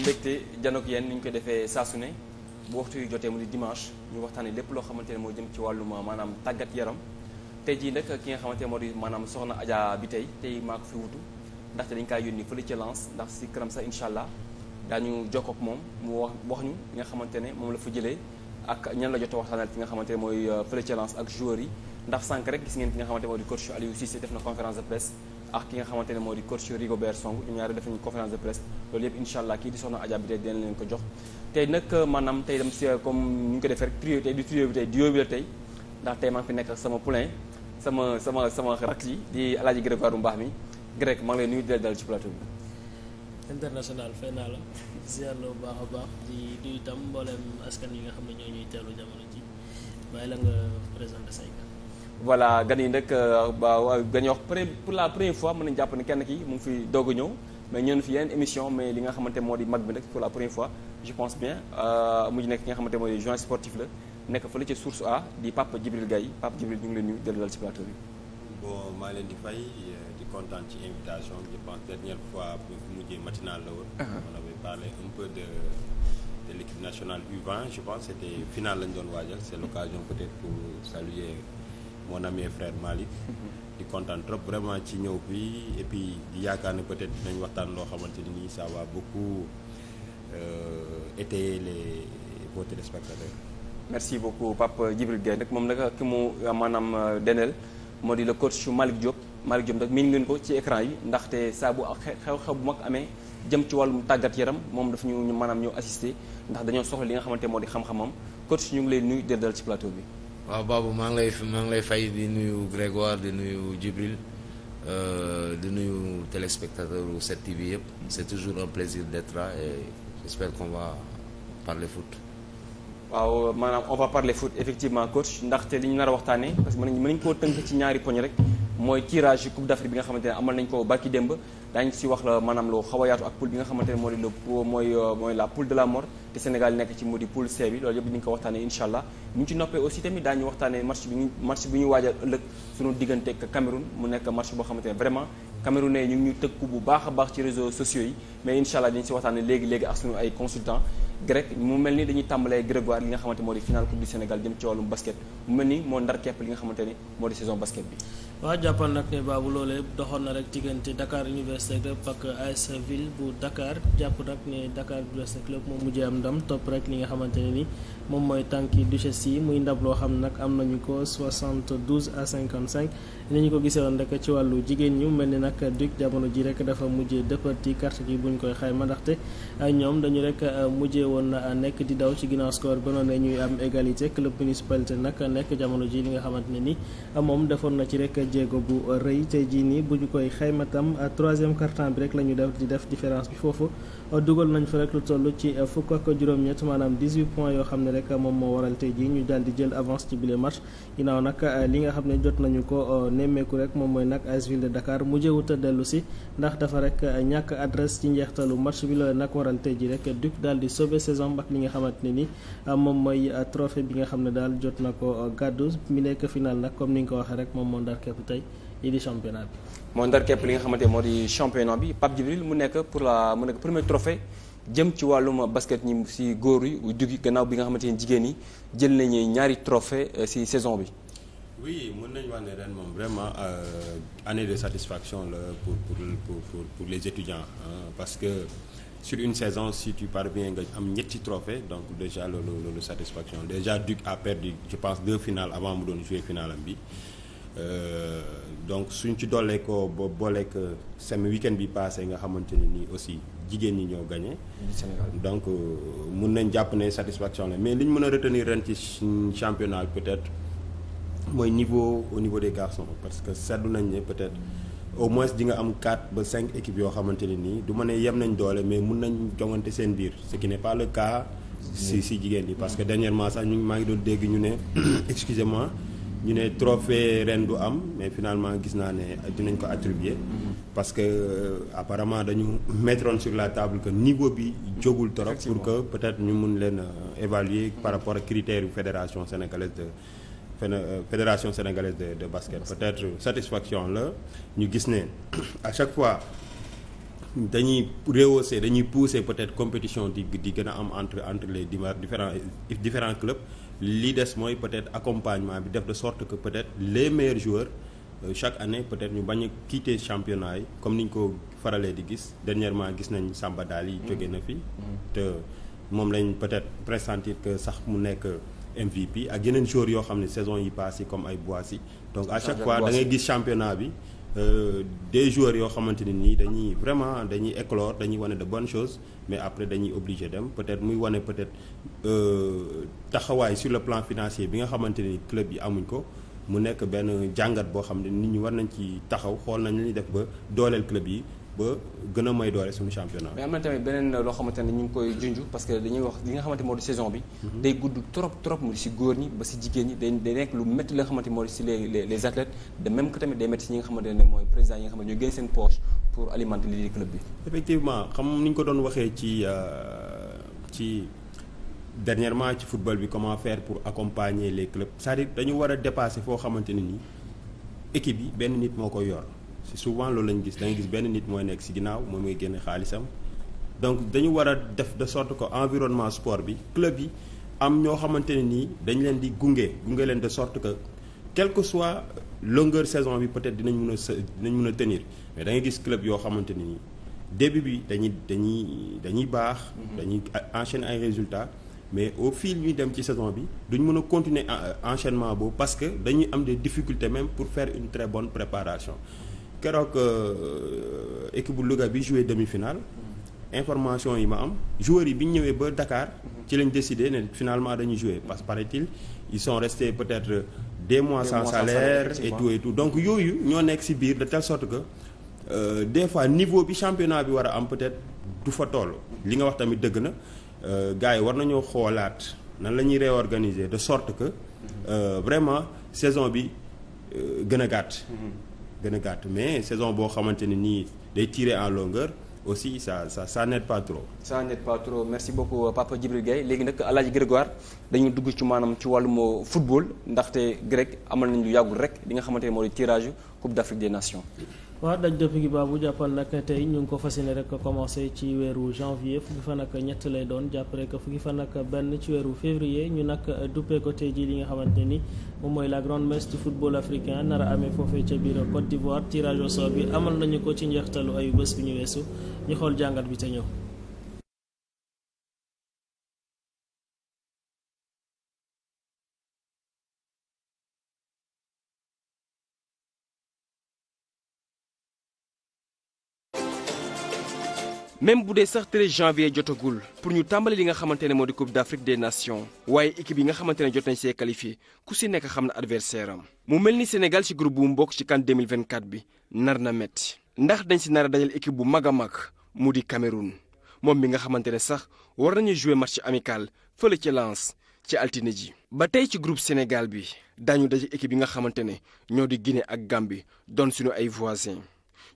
mbégte janook yéen ni ñu koy defee saa su ne bu waxtu yu jotee mu di dimanche ñu waxtaanee lépp loo xamante ne moo jëm ci wàllum maanaam tàggat yaram tey jii nag ki nga xamante ne moo di maanaam soxna Adja bi tey tey maa ko fi wutu ndaxte dañu kaa yónni fële ci Lens ndax si kanam sax incha allah daañu jokkoo ak moom mu wax wax ñu nga xamante ne moom la fa jëlee ak ñan la jot a waxtaanal fi nga xamante ne mooy euh, fële ci Lens ak joueurs yi ndax sànq rek gis ngeen ki nga xamante moo di coach Aliou Cissé def na conférence de presse ak ki nga xamante ne moo di coach Rigobert Song ñoom ñaari def nañu conférence de presse loolu yëpp incha allah kii di soxna Adja bi tey dinañ leen ko jox tey nag euh, maanaam tey dem si euh, comme ñu ngi ko defee rek trio tey du trio tey duo tey ndax tey fi nekk sama poulain sama sama sama rak yi di alaaji Grégoire bu mbaax mi Greg maa ngi lay nuyu di dal ci plateau bi international fay naa la ziar bu baax a baax di nuyu itam mboolem askan yi nga xam ne ñoo ñuy teelu jamono ji bàyyi la nga présenté say voilà gan yi nag waaw euh, euh, gan wax pour la première fois mën nañu jàpp ne kenn ki mu ngi fi doog a ñëw mais ñëw na fi yeneen émission mais li nga xamante moo di mag bi nag pour la première fois je pense bien euh, mujj nekk ki nga xamante mooy joint sportif la nekk fële ca source A di Pape Djibril Gaye Pape Djibril ñu ngi leen nuyu jël dal ci plateau bi. bon maa leen di fay di kontaan ci invitation je pense dernière fois bu mujjee matinal la woon. Uh-huh. on avait parlé un peu de. de lañ doon waajal c'est l'occasion peut-être mon ami et frère di kontaan vraiment ci ñëw bi et yaakaar ne peut-être waxtaan loo xamante ni ça va beaucoup euh, étayer les vos téléspectateurs. merci beaucoup Pape Djibril Gueye nag moom nag ki mu euh, maanaam euh, deneel moo di le coach Malick Diop Malick Diop nag miin ngeen ko ci écran yi ndaxte saa bu xew-xew bu mag amee jëm ci wàllum tàggat yaram moom daf ñu maanaam ñëw assister ndax dañoo soxla li nga xamante moo di xam-xamam coach ñu ngi lay nuyu dëddal ci plateau bi. waaw baabu maa ngi lay maa ngi lay fay di nuyu Grégoire di nuyu Djibril euh, di nuyu téléspectateurs u 7TV yëpp c'est toujours un plaisir d'être là et j'espère qu'on va parler foot waaw maanaam on va parler foot effectivement coach ndaxte li ñu nar a waxtaanee parce que mën nañu mën nañu koo tënk ci ñaari poñ rek mooy tirage coupe d'Afrique bi nga xamante ne amal nañ ko barki démb daañu si wax la maanaam lu xaw a yaatu ak poule bi nga xamante ne moo di le euh, la poule de la mort te Sénégal nekk ci mu di poule C bi loolu yëpp dinañ ko waxtaanee incha allah ñu ci noppee aussi tamit daañu waxtaanee match bi ñu match bi ñu waajal ëllëg suñu diggante ak Cameroun mu nekk match boo xamante ne vraiment Camerounais ñu ngi ñu tëkku bu baax baax ci réseaux sociaux yi mais incha allah dinañ si waxtaanee léegi léegi ak suñu ay consultants grec mu mel ni nga xamante moo di final coupe du Sénégal jëm ci wàllum basket nga xamante ni moo di saison basket bi waa jàppal nag ne baabu loolee doxoon na rek diggante Dakar Université Club ak AS Ville bu Dakar jàpp nag ne Dakar Université Club moom mujjee am ndam topp rek li nga xamante ne ni moom mooy tànki duchesse yi muy ndab loo xam nag am nañu ko 72 à 55. ni ñu ko gisewoon rek ci wàllu jigéen ñu mel ni nag duc jamono ji rek dafa mujjee dëppati carte gi buñ koy xayma ndaxte ah, ñoom dañu rek ah, mujjee woon na ah, nekk di daw ci ginnaaw score ba noonu ñuy am égalité club municipalité nag nekk jamono ji li nga xamante ne ni moom defoon na ci rek jéego bu rëy tey jii nii bu ñu koy xayma tam troisième carton bi rek la ñu def di def différence bi foofu dugal nañ fa rek lu toll ci fukk ak juróom-ñett maanaam 18 points yoo xam ne rek moom moo waral tey jii ñu daal di jël avance ci bile match ginnaaw nag li nga xam ne jot nañu ko nemmeeku rek moom mooy nag AS Ville de Dakar mujjewut a dellu si ndax dafa rek ñàkk adresse ci njeextalu match bi loole nag waral tey ji rek daal di sauver saison ak li xamante ne ni ah, moom mooy trophée bi nga xam ne daal jot na ko gàddu mi nekk final nag comme ni nga ko waxee rek moom moo ndar képp tey lii di championnat bi. moo ndar képp li nga xamante moo di championnat bi Pape Djibril mu nekk pour la mu nekk premier trophée jëm ci wàllum basket ñi si góor yi dugg gannaaw bi nga xamante ne jigéen ñi jël nañu ñaari trophée eh, si saison bi. oui mën nañu wax ne ren moom vraiment euh, de satisfaction la pour pour pour pour, pour les étudiants parce que sur une saison si tu parviens nga am ñetti trophée donc déjà loolu loolu satisfaction déjà Duc a perdu je pense deux finales avant mu doon jouer finale bi euh, donc suñ ci dollee ko ba booleeg semi week-end bi passé nga xamante ne nii aussi jigéen ñi ñoo gagné. Sénégal donc euh, mun nañ jàpp ne satisfaction la mais li ñu mën a retenir ren ci championnat peut-être. mooy niveau au niveau des garçons parce que seetlu nañ ne peut-être au moins di nga am 4 ba cinq équipes yoo xamante ne nii du ma ne yem nañ doole mais mun nañ jongante seen biir ce qui n'est pas le cas si si jigéen yi parce que dernièrement sax ñu maa ngi doon dégg ñu ne excusez ñu ne trophée ren du am mais finalement gis naa ne dinañ ko attribuer parce que euh, apparemment dañu mettroon sur la table que niveau bi jógul trop pour que peut-être ñu mun leen euh, évaluer par rapport ak critères fédération sénégalaise Euh, fédération sénégalaise de de basket peut-être satisfaction la ñu gis ne a chaque fois dañuy rehausser dañuy pousser peut-être compétition di di gën a am entre entre les différent euh, différents clubs li des mooy peut-être accompagnement bi def de sorte que peut-être les meilleurs joueurs euh, chaque année peut-être ñu bañ a quitter championnat yi comme ni ñu ko faralee di gis dernièrement gis nañ Samba Dali yi jóge na fi mm. te moom lañ peut-être pressentir que sax mu nekk MVP ak yeneen joueurs yoo xam ne saison yi passé comme ay Boissy donc à chaque fois da ngay gis championnat bi Euh, des joueurs yoo xamante ne nii dañuy vraiment dañuy éclore dañuy wane de bone choses mais après dañuy obligé dem peut-être muy wane peut-être euh, taxawaay sur le plan financier bi nga xamante ni club yi amuñ ko mu nekk benn jàngat boo xam ne nit ñi war nañ ci taxaw xool nañ la ñuy def ba dooleel club yi ba gën a may doole suñu championnat. mais am na tamit beneen loo xamante ne ñu ngi koy junj parce que dañuy wax li nga xamante moo di saison bi. Mhm. day gudd trop trop mu si góor ñi ba si jigéen ñi day day nekk lu métti la nga xamante moo di si les les athlètes de même que tamit day métti si ñi nga xamante ne mooy président yi nga xamante seen poche pour alimenter lii club bi. effectivement xam ni ñu ko doon waxee ci euh, ci. dernièrement ci football bi comment faire pour accompagner les clubs cest dañu war a dépasser foo xamante ne ni équipe yi benn nit moo koy yor c'est souvent loolu lañu gis da gis benn nit mooy nekk ci ginnaaw moom mooy génne xaalisam donc dañu war a def de sorte que environnement sport bi club yi am ñoo xamante ne nii dañu leen di gunge gunge leen de sorte que quelque que soit longueur saison bi peut-être dinañ mun a sa dinañ mën a tenir mais da gis club yoo xamante ne nii début bi dañuy dañuy dañuy baax. Mhm. dañuy enchaîner ay résultats. mais au fil ñuy dem ci saison bi duñ mun a continuer euh, enchaînement boobu parce que dañuy am des difficultés même pour faire une très préparation. keroog euh, équipe bu Louga bi joué demi-finale information yi ma am joueurs yi bi ñu ñëwee ba dakaar ci lañ décidé ne finalement dañuy jouer parce par paraît-il ils sont restés peut-être des mois sans salaire et tout et tout donc yooyu ñoo nekk ci biir de telle sorte que euh, des fois niveau bi championnat bi war a am peut-être du fa toll li nga wax tamit dëgg na euh, gars yi war nañoo xoolaat nan la ñuy réorganiser de sorte que vraiment saison bi gën a gàtt mm-hmm. gën a gàtt mais saison boo xamante ne nii day tirer en longueur aussi ça ça ça n'aide pas trop. ça n'aide pas trop merci beaucoup euh, Papa Djibril Gueye léegi nag El Hadj Grégoire dañuy dugg ci maanaam ci wàllum euh, football ndaxte grec amal nañ lu yàggul rek li nga xamante ne moo di tirage Coupe d'Afrique des Nations. waaw daj dëpp gi baabu jàppal nag tey ñu ngi ko fas yéene rek commencé ci weeru janvier fukki fa ak ñett lay doon jàpp rek fukki fan ak benn ci weeru février ñu nag duppee ko tey jii li nga xamante ni moom mooy la grande messe du football africain nar a amee foofee ca biir Côte d'Ivoire tirage au sort bi amal nañu ko ci njeextalu ayu bés bu ñu weesu ñu xool jàngat bi te ñëw. même bu dee sax 13 janvier jotagul pour ñu tàmbali li nga xamante ne moo di coupe d'Afrique des nations waaye équipe yi nga xamante ne jot nañ see qualifié ku si nekk xam na adversaire am mu mel ni Sénégal ci group bu mu bokk ci CAN 2024 bi nar na métti ndax dañ si nar a dajal équipe bu mag a mag mu di Cameroun moom bi nga xamante ne sax war nañu jouer match amical fële ci Lens ci altine ji ba tey ci groupe Sénégal bi daañu daje équipe yi nga xamante ne ñoo di Guinée ak Gambie doon suñu ay voisins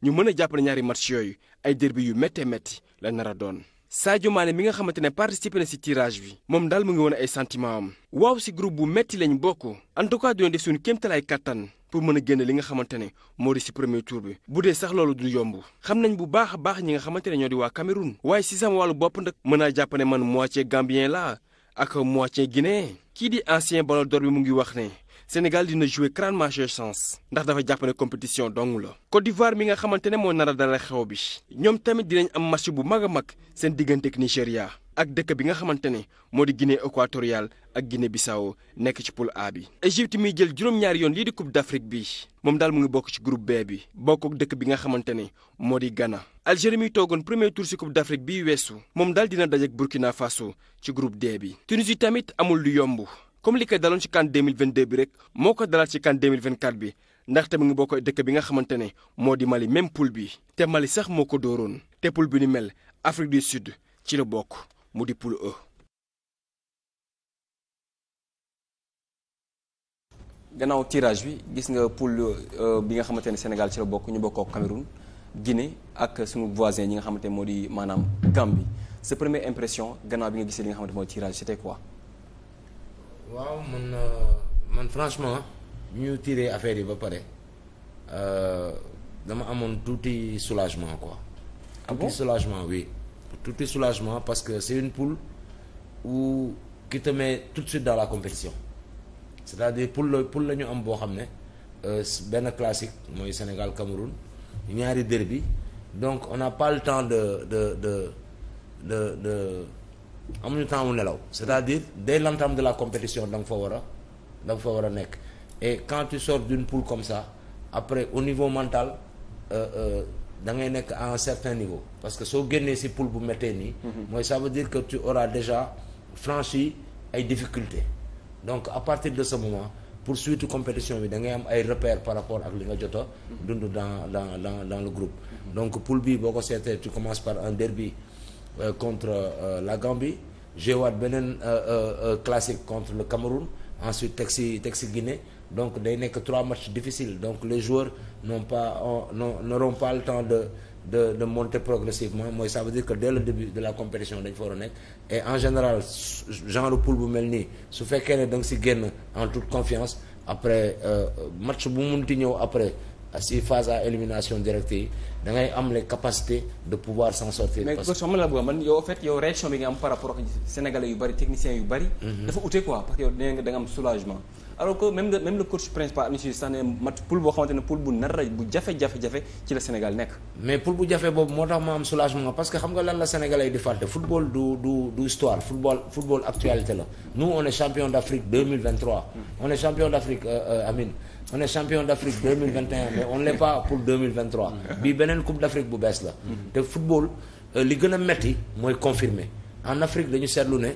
ñu mën a jàpp ñaari match yooyu ay derbi yu méttee métti la nar a doon. Sadio Mané mi nga xamante ne participé na ci tirage bi moom daal mu ngi woon ay santiment am waaw ci groupe bu metti lañ bokk en tout cas dina def suñu kéemtalaay kàttan pour mën a génn li nga xamante ne moo di ci premier tour bi bu dee sax loolu du yomb xam nañ bu baax a baax ñi nga xamante ne ñoo di waa Cameroun waaye ci sama wàllu bopp nag mën a jàpp ne man moitié Gambien laa ak moitié Guinéen kii di ancien Ballon d'Or bi mu ngi wax ne Sénégal dina jouer grande majeure chance ndax dafa jàpp ne compétition dong la Côte d'Ivoire mi nga xamante ne moo nar a dara xew bi ñoom tamit dinañ am match bu mag a mag seen diggante ak Nigéria ak dëkk bi nga xamante ne moo di Guinée équatoriale ak Guinée Bissau nekk ci poule A bi. Égypte miy jël juróom-ñaari yoon lii di coupe d'Afrique bi moom daal mu ngi bokk ci group B bi bokk ak dëkk bi nga xamante ne moo di gana Algérie mi toogoon premier tour ci coupe d'Afrique bi weesu moom daal dina daje ak Burkina Faso ci groupe D bi. tamit amul lu yomb. comme li koy daloon ci CAN 2022 bi rek moo ko dalaat ci CAN 2024 bi ndaxte mu ngi bokk dëkk bi nga xamante ne moo di Mali même poule bi te Mali sax moo ko dooroon te poule bi ni mel Afrique du Sud ci la bokk mu di poule E. bi gis nga poule e bi nga xamante ne Sénégal ci la bokk ñu bokkoo Cameroun Guinée ak sunu voisin ñi nga xamante ne moo di maanaam Gambie sa première impression gannaaw bi nga gisee li nga xamante moo di tirage c'était quoi. waaw man euh, man franchement ñu ñu tiré affaire yi ba pare euh, dama amoon tuuti soulagement quoi. ah bon tuuti soulagement oui. parce que c'est une poule où qui tout de suite dans la compétition c'est-à-dire poule la poule la ñu am boo xam ne euh, benn classique mooy Sénégal Cameroun ñaari bi donc on n'a par le temps de de de de de. amuñu temps mu nelaw c'est-à-dire dès l'entame de la compétition da nga fa war a da fa war a nekk et quand tu sors d'une poule comme ça après au niveau mental euh, euh, da ngay nekk à un certain niveau parce que soo génnee ci poule bu méttee nii mhm. mooy ça veut dire que tu auras déjà franchi ay difficultés donc à partir de sa moment pour suite compétition bi dangay am ay repères par rapport ak li nga jot a mhm. dans dans dans dans le groupe donc poule bi boo ko seetee tu commences par un derby Euh, contre euh, la Gambie jewaat beneen euh, classique contre le Cameroun ensuite teg si teg si Guinée donc day nekk trois matchs difficile donc les joueurs n'ont pas non n'auront pas le temps de de de monter progressivement mooy ça veut dire que dès le début de la compétition dañ fa war nekk et en général genre poule bu mel nii su fekkee ne danga nga si génn en toute confiance après match bu ti ñëw après si phase à élimination directe yi da ngay am les capacités de pouvoir s'en sortir. mais question man la bëgg man yow en yow réaction bi nga am par rapport ak sénégalais yu bari techniciens yu bari. Mhm. dafa ute quoi parce que yow nee nga am soulagement. alors que même même le coach principal monsieur Sané mat poule boo xamante ne poule bu nar bu jafe-jafe-jafe ci la Sénégal nekk. mais poule bu jafe boobu moo tax ma am soulagement parce que xam nga lan la sénégalais di fàtte football du la nous on est on est champion d' Afrique deux mille vingt et beneen coupe d' bu bees la. te football euh, li gën a metti mooy confirmé en Afrique dañu seetlu ne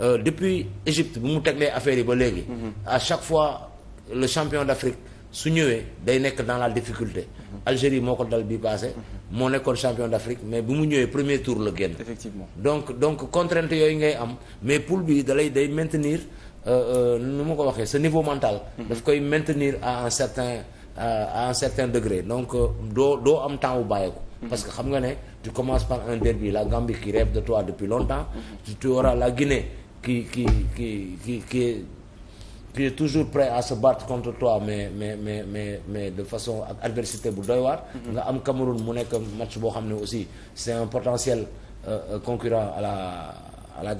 euh, depuis Égypte bu mu teglee affaire yi ba léegi. à chaque fois le champion d' Afrique su ñëwee day nekk dans la difficulté. Algérie moo ko dal bii passé. moo nekkoon champion d' Afrique mais bu mu ñëwee premier tour la génn. effectivement donc donc contrainte yooyu ngay am mais poule bi dalay day maintenir. Euh, euh, nu ma ko waxee sa niveau mental. Mhm. daf koy maintenir à un certain euh, à un certain degré donc doo doo am temps wu bàyyeeku. Mhm. parce que xam nga ne tu commences par un derby la Gambie qui rêve de toi depuis longtemps. Mhm. tu tu la Guinée qui qui qui qui qui est toujours prêt à se battre contre toi mais mais mais mais mais de façon ak adversité bu doy waar. nga am Cameroun mu nekk match boo xam ne aussi c'est un potentiel concurrent à la à la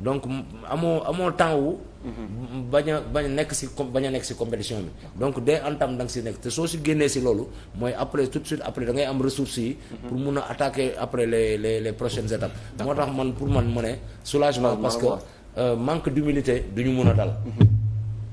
donc amoo amoo temps wu. Mhm. bañ a bañ nekk si com bañ nekk si compétition bi. donc de en temps si nekk te soo si génnee si loolu mooy après tout suite après dangay am ressources yi. Mhm. pour mun a attaque après les les les prochaines mhm. étapes. moo tax man pour man mu ne soulagement parce que euh, manque d'humilité du ñu mun a dal.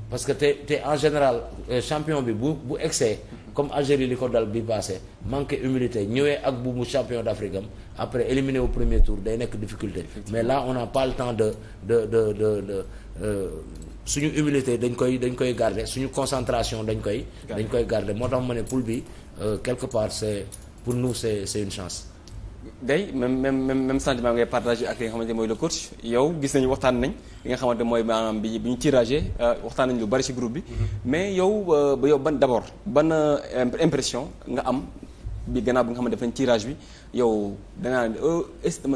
parce que te te en général euh, champion bi bu bu excès. comme Algérie li ko dal bi passé manqué humilité ñëwee ak bu mu champion d'Afrique am après éliminé au premier tour day nekk difficulté mais là on n'a pas le temps de de de de euh, suñu humilité dañ koy dañ koy garde suñu concentration dañ koy dañ koy garder moo tax ma ne poule bi euh, quelque part c'est pour nous c'est c'est une chance day même même même même sentiment ngay partagé ak li nga xamante mooy le coach yow gis nañu waxtaan nañ li nga xamante mooy maanaam bi bi ñu tiragé euh, waxtaan nañ lu bari ci groupe bi. Mm-hmm. mais yow euh, ba yow ban d'abord ban euh, impression nga am bi gannaaw bi nga xamante def nañ tirage bi yow da ngaa est am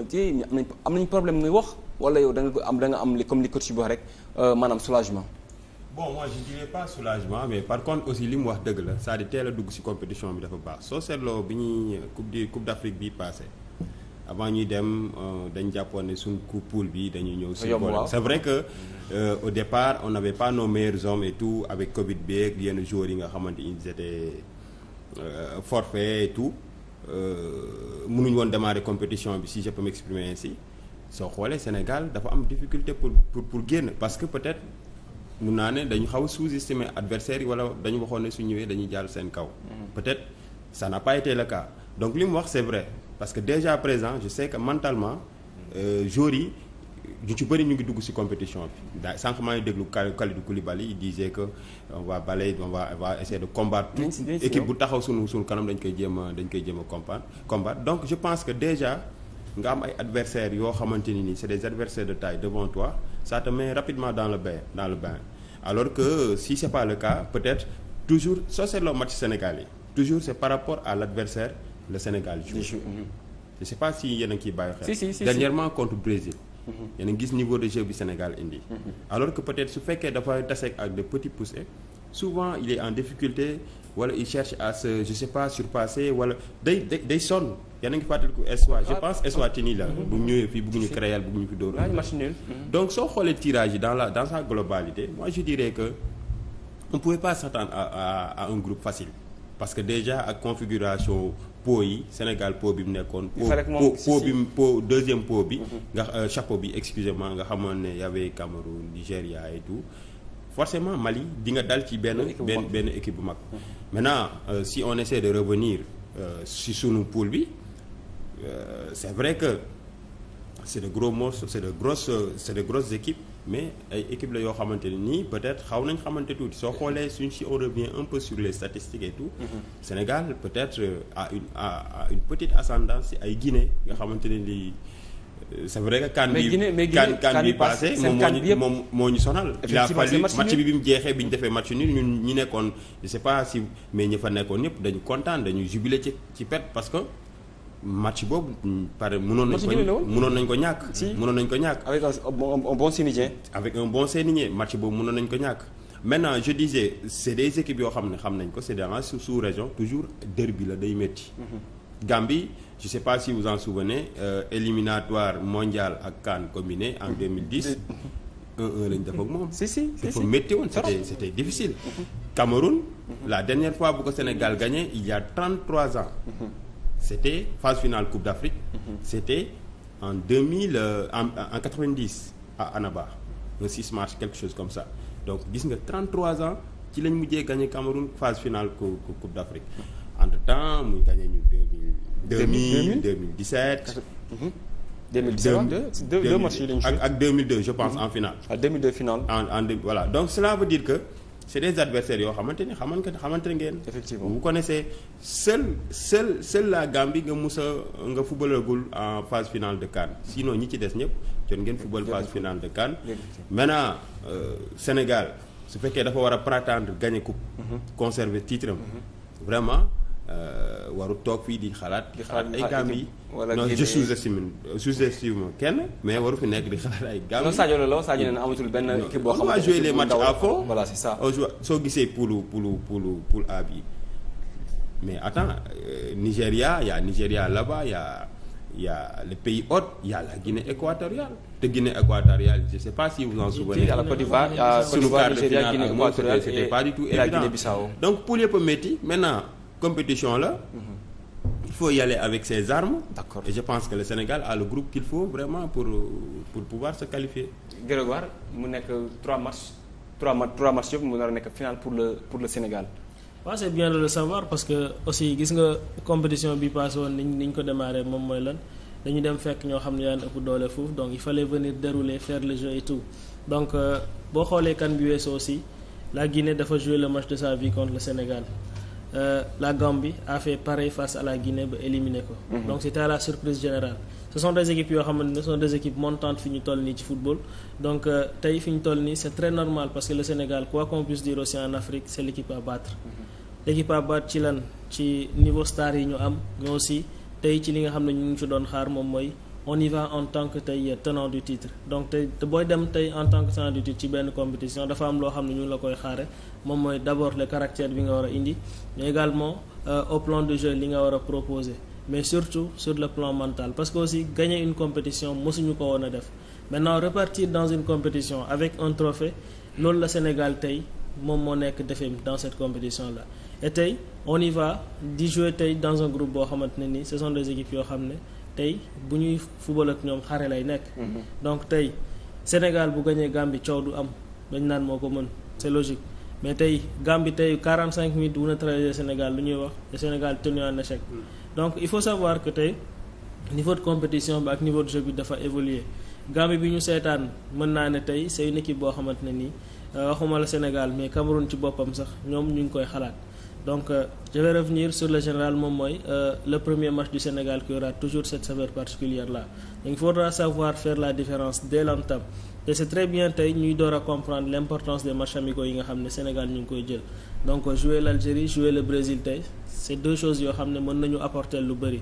nañ am nañ problème muy wax wala yow da nga am danga am li comme li coach bi wax rek maanaam soulagement. bon moi je dirais pas soulagement mais par contre aussi li mu wax dëgg la cest à teel a dugg ci compétition bi dafa baax soo seetloo bi ñuy coupe di coupe d'Afrique bi passé avant ñuy dem euh, dañu jàppoon ne suñ coupe poul bi dañuy ñëw ci boole c'est vrai que euh, au départ on n'avait pas nos meilleurs hommes et tout avec Covid bi ak yenn joueurs yi nga xamante ils étaient euh, forfaits et tout euh, mënuñu woon démarrer compétition bi si je peux si soo xoolee Sénégal dafa am difficulté pour pour pour génn parce que peut-être mun naa ne dañu xaw a sous-estimer adversaire yi wala dañu waxoon ne su ñëwee dañuy jàll seen kaw. Mm-hmm. peut-être ça n'a pas été donc li mu wax c'est vrai parce que déjà présent je sais que mentalement euh, joueurs yi ñu ci bëri ñu ngi dugg ci compétition bi daa sànq maa ngi déglu Kalidou Koulibaly il disait que on va balayer on va on va essayer de combattre. toute équipe bu taxaw sunu sunu kanam dañ koy jéem a dañ koy jéem a combattre combattre donc je pense que déjà nga am ay adversaires yoo xamante ni nii c'est des adversaires de taille devant toi. ça te met rapidement dans le bain dans le bain alors que si c'est pas cas peut-être toujours soo seetloo match Sénégal yi toujours c'est par rapport à l'adversaire le Sénégal joue mm-hmm. je sais pas si yéen a ngi ciy bàyyi xel. si si si dernièrement contre Brésil. Mm-hmm. yéen a ngi gis niveau de jeu bi Sénégal indi. Mm-hmm. alors que peut-être su fekkee dafa tase ak de petits poussés souvent il est en difficulté wala il cherche à se je sais pas wala day day day sonn. yéen a ngi fàttaliku Eswa je ah. pense Eswatini la bu ñëwee fii bëgg ñu créer bëgg ñu fi dóor ah, mhm. donc soo xoolee tirage yi dans la dans sa globalité moi je dirais que on pouvait pas s'attendre à, à, à un groupe facile parce que déjà ak configuration pot yi Sénégal pot bi mu nekkoon pot pot bi pot deuxième pot bi mhm. nga euh, chapeau bi excusez-moi nga xamoon ne y avait Cameroun Nigéria et tout forcément Mali di nga dal ci benn benn benn équipe bu mag mhm. maintenant euh, si on essaie de revenir euh, si sunu pool bi euh, c'est vrai que c'est de gros morceaux c'est de grosses c'est de grosses équipes mais ay équipe la yoo xamante ne nii peut-être xaw nañ xamante tuuti soo xoolee suñ si on revient un peu sur les statistiques et tout. Mm -hmm. Sénégal peut-être euh, a une petite ascendance si ay Guinée nga xamante ne lii. Euh, c'est vrai que kan bi kan kan bi passé moom moo ñu moom moo ñu sonal il a fallu match bi bi mu jeexee bi ñu defee match nul ñun ñu nekkoon je sais mais ñu fa nekkoon ñëpp dañu kontaan dañu jubilé ci pet parce que match boobu pare mënoon nañ ko mënoon nañ ko ñàkk. si mënoon nañ ko ñàkk. avec un bon Sénégien. avec un bon Sénégien ko ñàkk. maintenant je disais c' est des équipes yoo xam ne xam nañ ko c' est dans sous région toujours derby la day métti. Mm-hmm. Gambie je sais pas si vous en souvenez euh, éliminatoire mondial ak CAN combiné en 2010. Mm-hmm. 1-1 lañ def ak moom. si si si dafa métti woon c' était c' était difficile. Mm-hmm. Cameroun. la dernière fois bu ko Sénégal gagné il y a 33 ans. c'était phase finale Coupe d'Afrique. Mhm. c'était en 2000 euh, en en 90 à Annaba le 6 mars quelque chose comme ça donc gis nga 33 ans ci lañ mujjee gagné Cameroun phase finale Coupe d'Afrique entre temps muy gagné ñu 2000 2000 2017. 2017 deux matchs yi lañ ak 2002 je pense mhm. en finale. en 2002 finale. en en voilà donc cela veut dire que. c'est des adversaires yoo xamante ni xamante xamante ngeen. effectivement vous connaissez seul seul seul la Gambie nga mus nga nga fubalagul en phase finale de CAN sinon ñi ci des ñëpp jot ngeen fubal phase finale de CAN. maintenant euh, Sénégal su fekkee dafa war a prétendre gagner coupe. Mhm. conserver titre am. Mhm. Euh, waru toog fii di xalaat di xalaat ay Gambie wala non je sous-estime sous-estime kenn mais waru fi nekk di xalaat ay Gambie non Sadio Lo la Sadio nee na amatul benn équipe boo xam ne on va jouer les matchs à fond voilà c'est ça soo gisee poulu poulu poulu poul A bi mais attends euh, Nigéria y a Nigéria là-bas y a y a les pays hôtes y a la Guinée équatoriale te Guinée équatoriale je sais pas si vous en souvenez la Côte d'Ivoire sunu quart de finale ak moom c'était pas du tout évident donc poul yëpp a métti maintenant compétition la. il faut y aller avec ses armes. d'accord et je pense que le Sénégal a le groupe qu'il faut vraiment pour euh, pour pouvoir se qualifier. Grégoire mu nekk trois matchs trois matchs trois matchs yëpp mu nar a nekk finale pour le pour le Sénégal. waaw c'est bien de parce que aussi gis nga compétition bi passé woon niñ niñ ko démarré moom mooy lan dañu dem fekk ñoo xam ne yaa ëpp doole foofu donc il fallait venir dérouler faire le jeu et tout donc euh, boo xoolee kan bi wee aussi la Guinée dafa jouer le match de sa vie contre le Sénégal. euh, la Gambie a fait pareil face à la Guinée ba éliminé ko. Mm donc c' était la surprise générale. ce sont des équipes yoo xamante ne ce sont des équipes montantes fi ñu toll nii ci football donc euh, tey fi ñu toll nii c' très normal parce que le Sénégal quoi qu'on puisse dire aussi en Afrique c' est l' à battre. Mm à battre ci lan ci niveau star yi ñu am mais aussi tey ci li nga xam ne ñu ngi ci doon xaar moom mooy. on y va en tant que tey tenant du titre donc tey booy dem tey en tant que tenant du titre ci benn compétition dafa am loo xam ne ñu ngi la koy xaare moom mooy d'abord le caractère bi nga war a indi mais également euh, au de jeu li nga war a proposer mais surtout sur le plan mental parce que aussi gagner une compétition mosuñu ko woon a def maintenant repartir dans une compétition avec un trophée loolu la Sénégal tey moom moo nekk defem dans cette compétition là tey on y va tey dans un boo xamante ne ni ce des équipes yoo xam ne tey bu ñuy football ak ñoom xare lay nekk. Mhm. donc tey Sénégal bu gañee Gambie coow du am dañ naan moo ko mën c'est logique mais tey Gambie tey 45 minutes bu na traversé Sénégal lu ñuy wax te Sénégal tenu en échec. Mhm. donc il faut savoir que tey niveau de compétition bi ak niveau de jeu bi dafa évoluer Gambie bi ñu seetaan mën naa ne tey c'est une équipe boo xamante ne nii euh, waxuma la Sénégal mais Cameroun ci boppam sax ñoom ñu ngi koy xalaat. donc euh, je vais moom mooy euh, le premier match du Sénégal qui aura toujours cette saveur particulière là il faudra savoir faire la différence dès l'entame te c'est très tey ñuy door a comprendre l'importance des matchs yi nga xam ne Sénégal ñu ngi koy jël donc euh, jouer l'Algérie jouer le Brésil tey c'est deux choses yoo xam ne mën nañu apporter lu bëri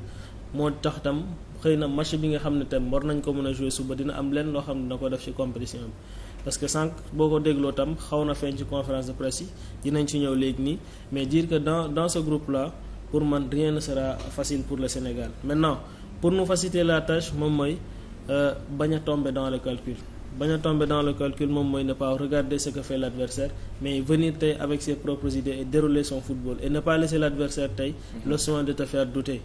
moo tax tam xëy na match bi nga xam ne tam war nañ ko mën a jouer suba dina am lenn loo xam ne dina ko def ci compétition bi parce que sànq boo ko dégloo tam xaw na feeñ ci conférence de presse yi dinañ ci ñëw léegi nii mais dire que dans dans groupe là pour man rien ne sera facile pour le Sénégal maintenant pour nous faciliter la tâche moom mooy euh, bañ a tomber dans le calcul bañ a tomber dans le calcul moom mooy ne pas regarder ce que fait l'adversaire mais venir tey avec ses propres idées et dérouler son football et ne pas l'adversaire tey le soin de te faire douter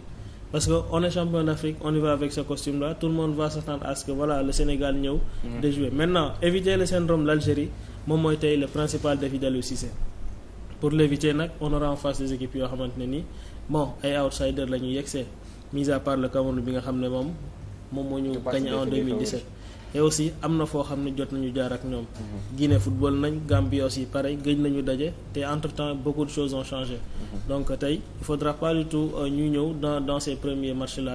parce que on est champion d'Afrique on y va avec ce costume là tout le monde va s'attendre à ce que voilà le Sénégal ñëw mmh. de jouer maintenant éviter le syndrome l'Algérie moom mooy tey le principal défi d'Aliou Cissé pour l'éviter nag on en face des équipes yoo xamante ne nii bon ay outsider la ñu yegsee à part le Cameroun bi nga xam ne moom moom moo ñu gagné en et aussi am na foo xam ne jot nañu jaar ak ñoom. Guinée football nañ Gambie aussi pareil gëj nañu daje te entre temps beaucoup de choses changé. donc tey il faudra pas du tout euh, ñu ñëw dans dans ces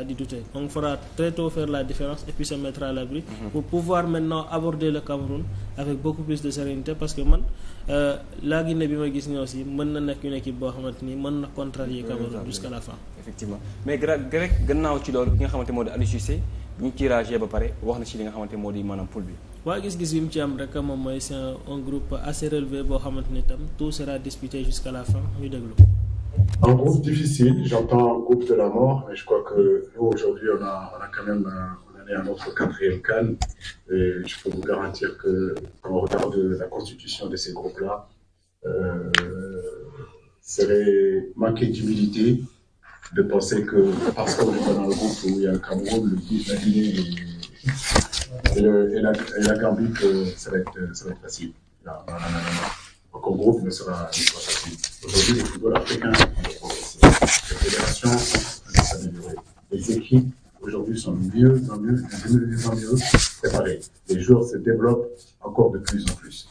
di douter on fera très tôt faire la différence et puis se mettre à l'abri pour pouvoir maintenant aborder le Cameroun avec beaucoup plus de sérénité parce que man euh, la Guinée bi ma gis nii aussi mën na nekk une équipe boo xamante ni mën na contrarier Cameroun jusqu'à mais gannaaw ci loolu ki nga xamante moo di ñu tiragé ba pare wax na ci li nga xamante moo di maanaam poule bi. waa gis-gis bi mu ci am rek moom mooy c'est un groupe assez relevé boo xamante ni tam tout sera disputé jusqu'à la fin ñu déglu. Un groupe difficile, j'entends un groupe de la mort, mais je crois que nous, aujourd'hui, on a, on a quand même un, euh, on est à notre quatrième CAN et je peux vous garantir que quand on regarde la constitution de ces groupes-là, euh, serait manquer d'humilité de penser que parce qu'on est dans le groupe où il y a le Cameroun, la Guinée et, et, et, la, Gambie, que ça va être, ça va être facile. Non, non, non, non, Aucun groupe ne sera, facile. Aujourd'hui, le football africain est progressé. Les fédérations sont s'améliorer. Les équipes, aujourd'hui, sont mieux, en mieux, de mieux en mieux préparées. Les joueurs se développent encore de plus en plus.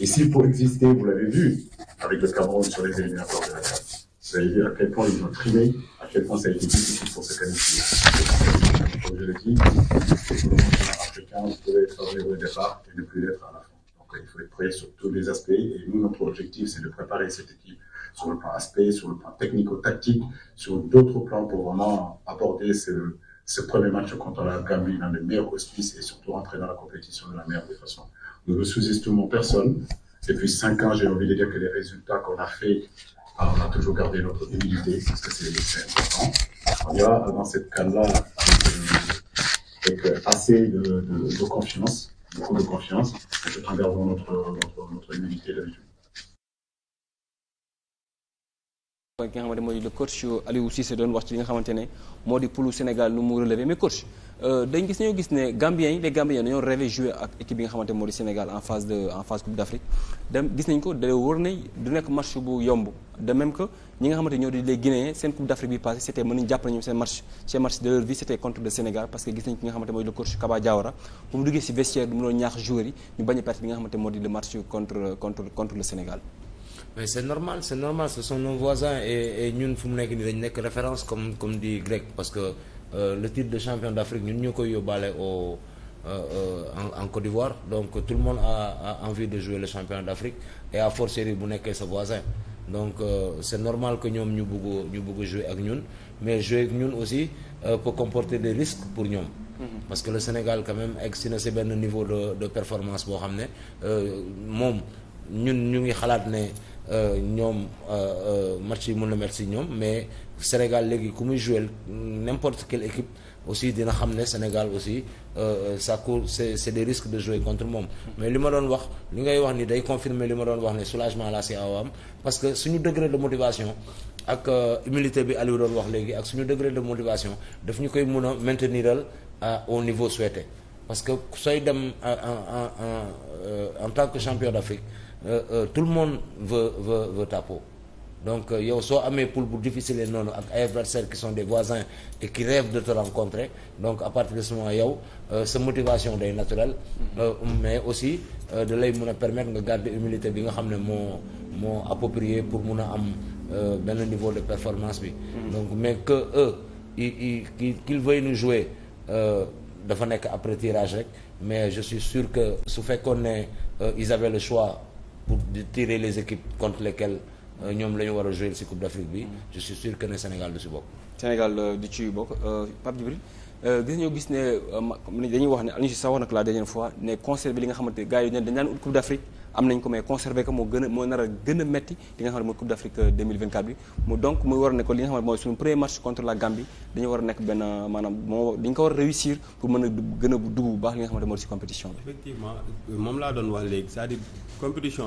Et si pour exister, vous l'avez vu, avec le Cameroun sur les éliminatoires de la Cannes, Vous avez vu à quel point ils ont trimé, à quel point ça a été difficile pour se je le dis, pour le continent au départ et la fin. Donc il faut être prêt sur Et notre objectif, c'est de préparer cette équipe sur le plan aspect, sur le plan technico-tactique, sur d'autres plans pour vraiment aborder ce, premier match contre la Gambie dans les meilleurs et surtout rentrer dans la compétition de la meilleure des façons. Nous ne sous personne. Depuis Alors, ah, on a toujours gardé notre humilité, parce que c'est important. Il euh, dans cette canne euh, euh, assez de, de, de, confiance, de confiance, tout en gardant notre, notre, notre humilité d'habitude. ki nga xamante mooy le coach Aliou Cissé doon wax ci li nga xamante ne moo di pulu Sénégal lu mu relevé mais coach Euh, dañ gis nañoo gis ne Gambiens yi les Gambiens dañoo rêvé jouer ak équipe bi nga xamante moo di Sénégal en phase de en phase Coupe d'Afrique dem gis nañ ko da wër ne du nekk match bu yomb de même que ñi nga xamante ñoo di les Guinéens seen Coupe d'Afrique bi passé c' mën nañu jàpp nañu seen match seen match de Sénégal parce que gis nañ ki nga xamante mooy le coach Kaba Diawara bu mu duggee si vestiaire du mu doon ñaax joueurs yi ñu bañ a perte li di que Euh, le titre de champion d'Afrique ñun ñoo koy yóbbaale au euh, euh, en en Côte d'Ivoire donc tout le monde a, envie de jouer le championnat d'Afrique et à fortiori bu nekkee sa voisin donc c'est normal que ñoom ñu bëgg ñu bëgg jouer ak ñun mais jouer ak ñun aussi peut comporter des risques pour ñoom. Mm-hmm. parce que le Sénégal quand même egg si na si benn niveau de de performance boo xam ne moom ñun ñu ngi xalaat ne ñoom match yi mën na mettre si ñoom mais. Sénégal léegi ku muy jouer n'importe quelle équipe aussi dina xam ne Sénégal aussi euh, ça court c'est c'est des risques de jouer contre moom mais li ma doon wax li ngay wax ni day confirmer li ma doon wax ne soulagement la si awam parce que suñu degré de motivation ak euh, humilité bi Aliou doon wax léegi ak suñu degré de motivation daf ñu koy mun a mainteniral au niveau souhaité parce que sooy dem euh, en en en tant que champion d'Afrique tout le monde veut veut veut donc euh, yow soo amee poule bu difficile noonu ak ay adversaires qui sont des voisins et qui rêvent de te rencontrer donc à partir de ce moment yow euh, sa motivation day naturelle euh, mais aussi da mun a permettre nga garder humilité bi nga xam ne moo moo approprié pour mun a am benn niveau de performance bi mm-hmm. donc mais que eux i i qu'ils veuillent jouer dafa nekk après tirage rek mais je suis sûr que su fekkoon ne ils avaient le choix pour de tirer les équipes contre lesquelles ñoom la ñu war a jouer ci Coupe d'Afrique bi. je suis sûr que ne Sénégal du ci bokk. Sénégal euh, du ci bokk euh, Pape Djibril euh, gis gis ne dañuy wax ne Aliou wax ne conserver li nga ko mais conserver ko moo gën a moo nar a gën a metti li nga xam ne mooy Coupe d'Afrique 2024 bi mu donc muy war a ne ko li nga xam ne mooy suñu premier match contre la Gambie dañu war a nekk benn maanaam moo dañ ko war a réussir pour mën a gën bu baax li nga xamante moo ci compétition bi. effectivement moom laa doon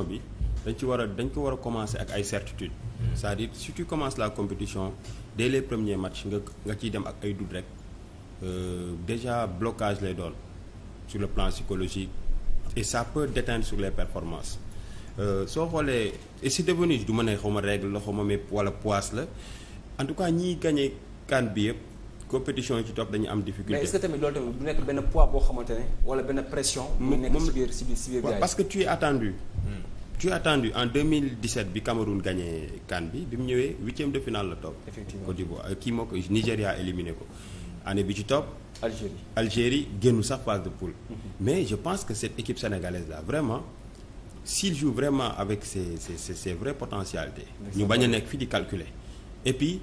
bi. dañ ci war a dañ ko war a commencer ak ay certitude hmm. c'est-à-dire si tu commences la compétition dès les premiers matchs nga nga ciy dem ak ay doute rek euh, déjà blocage lay doon sur le plan psychologique et ça peut déteindre sur les performances euh, soo xoolee et c'est devenu du ma ne xaw ma règle la xaw ma mais wala poisse la en tout cas ñiy gagné CAN bi yëpp compétition yi ci topp dañu am difficulté. du nekk benn poids boo xamante ne wala benn pression. mu nekk ci biir ci ci biir parce que tu es tu as attendu en 2017 bi Cameroun gagné CAN bi bi mu ñëwee huitième de finale la toog. effectivement Côte d'Ivoire euh, kii moo ko Nigéria éliminé ko. Mm-hmm. année bi ci topp. Algérie Algérie génnu sax phase de poule. Mm-hmm. mais je pense que cette équipe sénégalaise là vraiment s'il jour vraiment avec ses ses ses, ses ñu bañ a nekk fii di calculer. et puis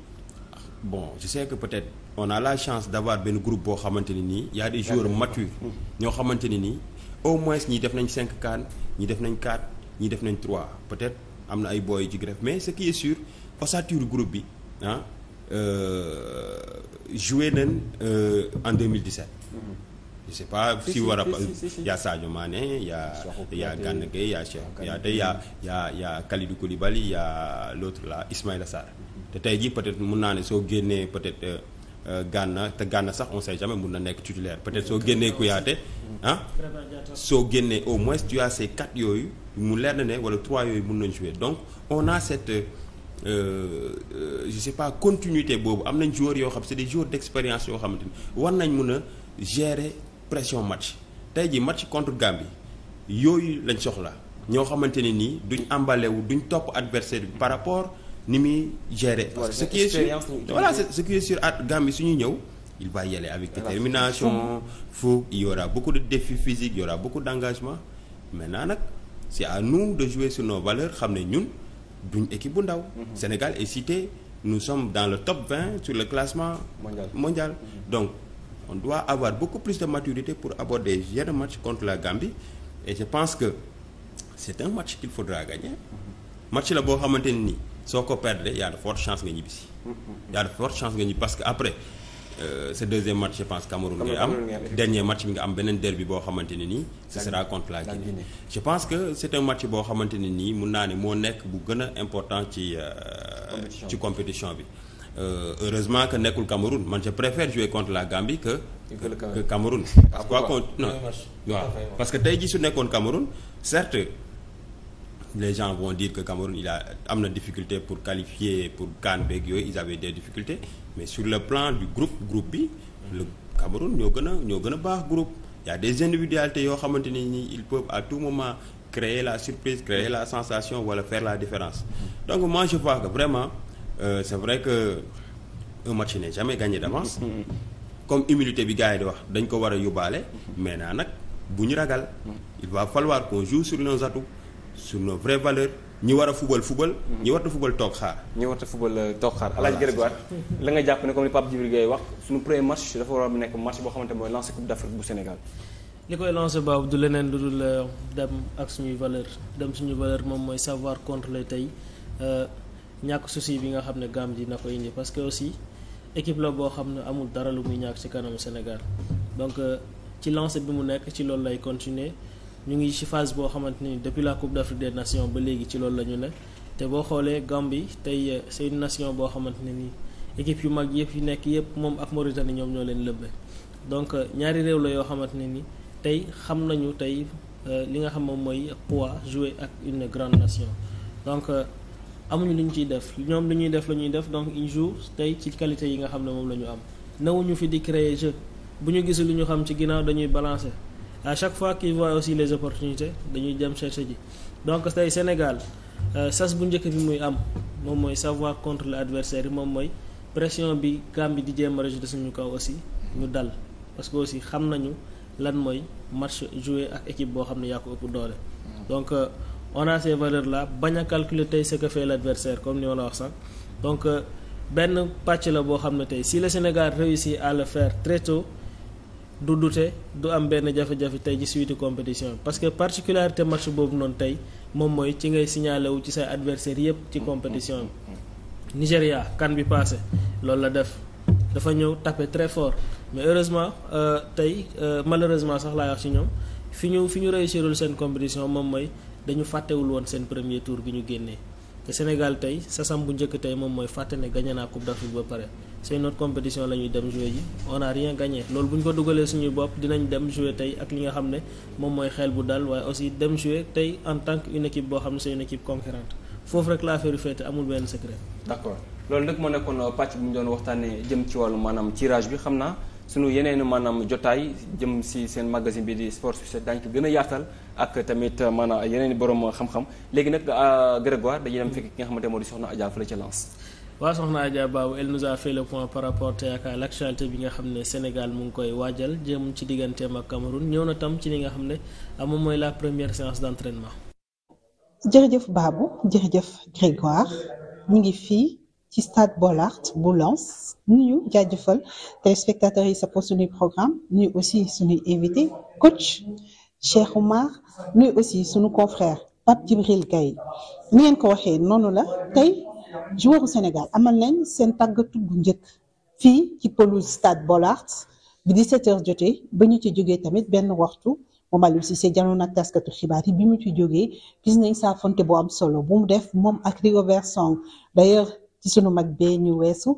bon je sais peut-être on a la chance d'avoir benn groupe boo xamante ni nii. y a des joueurs matures. Mm-hmm. ñoo xamante ni nii au moins ñi def nañ cinq CAN ñi def nañ quatre. ñi def nañ trois peut-être am na ay booy ci grève mais ce qui est sûr group bi ah euh, joué nañ euh, en 2017. je sais pas si war a y a Sadio Mané y a y a Gana Gueye y a Cheikh ya y a y a y a Kalidou Koulibaly y a l'autre là te tey jii peut-être mun naa ne soo génnee peut-être euh, Gana te Gana sax on sait jamais mun na nekk titulaire peut-être soo génnee Kouyaté ah soo génnee au moins tu as yooyu mu leer na ne wala trois yooyu mën nañ jouer donc on a cette Euh, euh, je pas continuité boobu am nañ joueurs yoo xam c'est des joueurs d'expérience yoo xamante ni war nañ mën a gérer pression match tey jii match contre Gambie yooyu lañ soxla ñoo xamante ne nii duñ emballé wu duñ topp adversaire bi par rapport ni muy gere parce que ce qui est sûr voilà at Gambie suñu ñëw. il va y aller avec détermination. fou il y aura beaucoup de défis physiques il y aura beaucoup d'engagement nag. c'est à nous de jouer sur nos valeurs xam ne ñun duñ équipe bu ndaw. Mhm. Sénégal est cité nu sommes dans le top 20 sur le classement. mondial mondial mm -hmm. donc on doit avoir beaucoup plus de maturité pour aborder yenn match contre la Gambie et je pense que c'est un match qu'il faudra gagner. Mm match la boo xamante ni soo ko perdre y a de fortes chances nga ñibbisi. Mhm. y a de fortes chances nga ñibbisi parce que après. Euh, sa deuxième match je pense Cameroun ngay am dernier match bi nga am beneen derby boo xamante ne nii ce sera contre je pense que c' est un match boo xamante nii mun naa ne moo nekk bu gën important ci euh, ci compétition bi euh, heureusement que nekkul Cameroun man je préfère jouer contre la Gambie que que Cameroun ah, parce que tey ji su nekkoon Cameroun certes les gens vont dire que Cameroun il a am na difficulté pour qualifier pour CAN beeg yooyu ils avaient des difficultés mais sur le plan du groupe groupe bi le Cameroun ñoo gën a ñoo gën a baax groupe il a des individualités yoo xamante ni ñi ils peuvent à tout moment créer la surprise créer la sensation wala voilà, la différence donc moi je vois que vraiment euh, c'est vrai que un match n'est jamais gagné d'avance comme humilité bi gars yi di wax dañ ko war a yóbbaale maintenant nag bu ñu ragal il va falloir qu'on sur nos atouts sur nos vraies valeurs ñi war a fubal fubal. ñi war a fubal toog xaar. ñi war a fubal euh, toog xaar alaaj Grégoire la nga jàpp ne comme li Pape Djibril Gueye wax suñu premier match dafa war a nekk match boo xamante mooy lancer coupe d'Afrique bu Sénégal. li koy lancé baabu du leneen lu dul euh, dem ak suñuy valeur dem suñuy valeur moom mooy savoir contrôler tey euh, ñàkk souci bi nga xam ne Gambie dina ko indi parce que aussi équipe la boo xam ne amul dara lu muy ñàkk ci kanamu Sénégal donc ci lancer bi mu nekk ci loolu lay continuer. ñu ngi ci phase boo xamante ni depuis la coupe d' de des ba léegi ci loolu la ñu ne te boo xoolee Gambie tey euh, c' nation boo xamante ne nii équipe yu mag yëpp yu nekk yëpp moom ak Mauritanie ñoom ñoo leen lëbbee donc euh, ñaari réew la yoo xamante ne ni tey xam nañu tey euh, li nga xam moom mooy pois jouer ak une grande nation donc amuñu lu ñu ciy def ñoom lu ñuy def la ñuy def donc une jouent tey ci qualité yi nga xam ne moom la ñu am nawuñu fi di créer jeu bu ñu gisul lu ñu xam ci ginnaaw dañuy balancer. à chaque fois qu'ils voient aussi les opportunités dañuy dem chercher ji donc tey Sénégal euh, sas bu njëkk bi muy am moom mooy savoir contre l'adversaire yi moom mooy pression bi Gambie di jéem a rejeter suñu kaw aussi ñu dal parce que aussi xam nañu lan mooy match joué ak équipe boo xam ne yaa ko ëpp doole donc euh, on a ces bañ a calculer tey ce que fait l'adversaire comme ni ma la wax sax donc euh, benn pàcc la boo xam ne tey si le Sénégal réussit à le faire très du dute du am benn jafe-jafe tey ci suite compétition bi parce que particularité match boobu noonu tey moom mooy ci ngay signalé wu ci say adversaire yépp ci compétition bi Nigéria kan bi passé loolu la def dafa ñëw tapé très fort mais heureusement euh, tey euh, malheureusement sax laay wax ci ñoom fi ñu fi ñu réussirul seen compétition moom mooy dañu fàttewul woon seen premier tour gi ñu génnee te Sénégal tey sasam bu njëkk tey moom mooy fàtte ne gagné naa coupe d'Afrique ba pare compétition la ñuy dem jouer ji on a rien loolu bu ñu ko dugalee suñuy bopp dinañ dem jouer tey ak li nga xam ne moom mooy xel bu dal waaye aussi dem jouer tey en tant que une équipe boo xam ne c'est une équipe conquérante foofu rek la affaire yu féete amul benn secret. d'accord loolu nag moo nekkoon pàcc bu ñu doon waxtaanee jëm ci wàllu maanaam tirage bi xam naa sunu yeneen maanaam jotaay jëm si seen magazine bi di sport succès gën a ak tamit euh, maanaam yeneen borom xam-xam léegi nag euh, Grégoire dañuy dem fekk ki nga xamante moo di soxna Adja fële ca Lens. waaw soxna Adja Babou elle nous a fait le point par rapport ak l' bi nga xam ne Sénégal mu ngi koy waajal jëm ci digganteem ak Cameroun ñëw na tam ci li nga xam ne ah, moom mooy la première séance d' entraînement. jërëjëf Babou jërëjëf Grégoire mu ngi fi ci stade Bollard bu Lens ñu ñu jaajëfal téléspectateurs yi sa pour suñuy programme ñu aussi suñuy invité coach. Cheikh Oumar nuy aussi suñu confrère Pape Djibril Gaye ni ngeen ko waxee noonu la tey joueuru Sénégal amal nañ seen tàggatu gu njëkk fii ci pelouse stade Bollard bi 17h jotee ba ñu ci jógee tamit benn waxtu moom Aliou Cissé janoon ak taskatu xibaar yi bi mu ci jógee gis nañ saa fonte bu am solo bu mu def moom ak Rigobert Song d'ailleurs ci sunu mag bee ñu weesu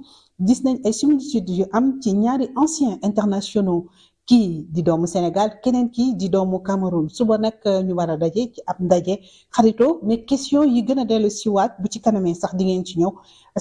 gis nañ ay similitudes yu am ci ñaari anciens internationaux kii di doomu Sénégal keneen kii di doomu Cameroun suba nag euh, ñu war a daje ci ab ndaje xarito mais question yi gën a dellu siwaat bu ci kanamee sax di ngeen ci ñëw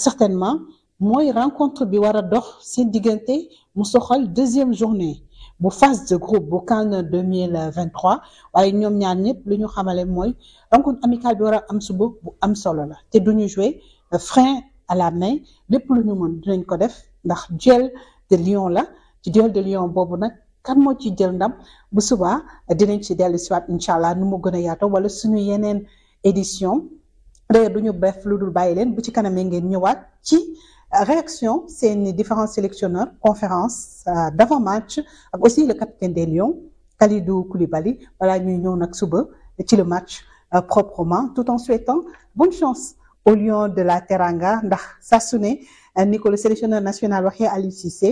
certainement mooy rencontre bi war a dox seen diggante mu soxal deuxième journée bu phase de groupe bu CAN 2023 waaye ñoom ñaan ñëpp lu ñu xamale mooy rencontre amicale bi war a am suba bu am solo la te du ñu jouer euh, frein à la main lépp lu ñu mën dinañ ko def ndax duel de Lion la ci duel de Lion boobu nag kan moo ci jël ndam bu subaa dinañ ci dellu siwaat incha allah nu mu gën a yaatoo wala suñu yeneen édition d'ailleurs du ñu bef lu dul bàyyi leen bu ci kanamee ngeen ñëwaat ci réaction seeni différents sélectionneurs conférence euh, d'avant-match ak aussi le capitaine des Lions Kalidou Koulibaly balaa ñuy ñëw nag suba ci le match euh, proprement tout en souhaitant bonne chance au lion de la Teranga ndax saa sune ne euh, ni ko le sélectionneur national waxee Aliou Cissé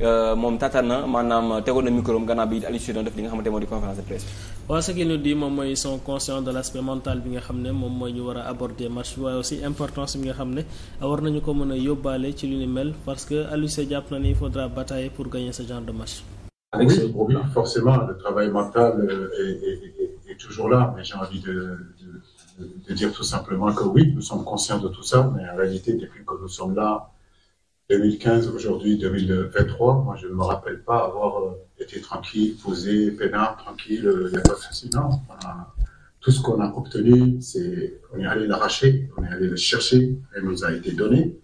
Euh, moom tatana maanaam euh, tegoon na micro am gannaaw bi it Aliou Cissé def li nga xamante moo di conférence de presse waaw ce qu'il nous moom mooy sont conscients de l' mental bi nga xam ne moom mooy ñu war a aborder match bi waaye aussi importance bi nga xam ne war nañu ko mën a yóbbaale ci lu ni mel parce que Aliou Cissé jàpp na ni il faudra batailler pour gagner ce genre de match. Avec ce problème, forcément, le travail mental euh, est, est, est toujours là, mais j'ai envie de, de, dire tout simplement que oui, 2015, aujourd'hui je ne me rappelle pas avoir euh, été tranquille, posé, peinard, tranquille, euh, il n'y a pas de souci. tout ce qu'on a obtenu, c'est on est allé l'arracher, on est allé le chercher, elle nous a été donnée.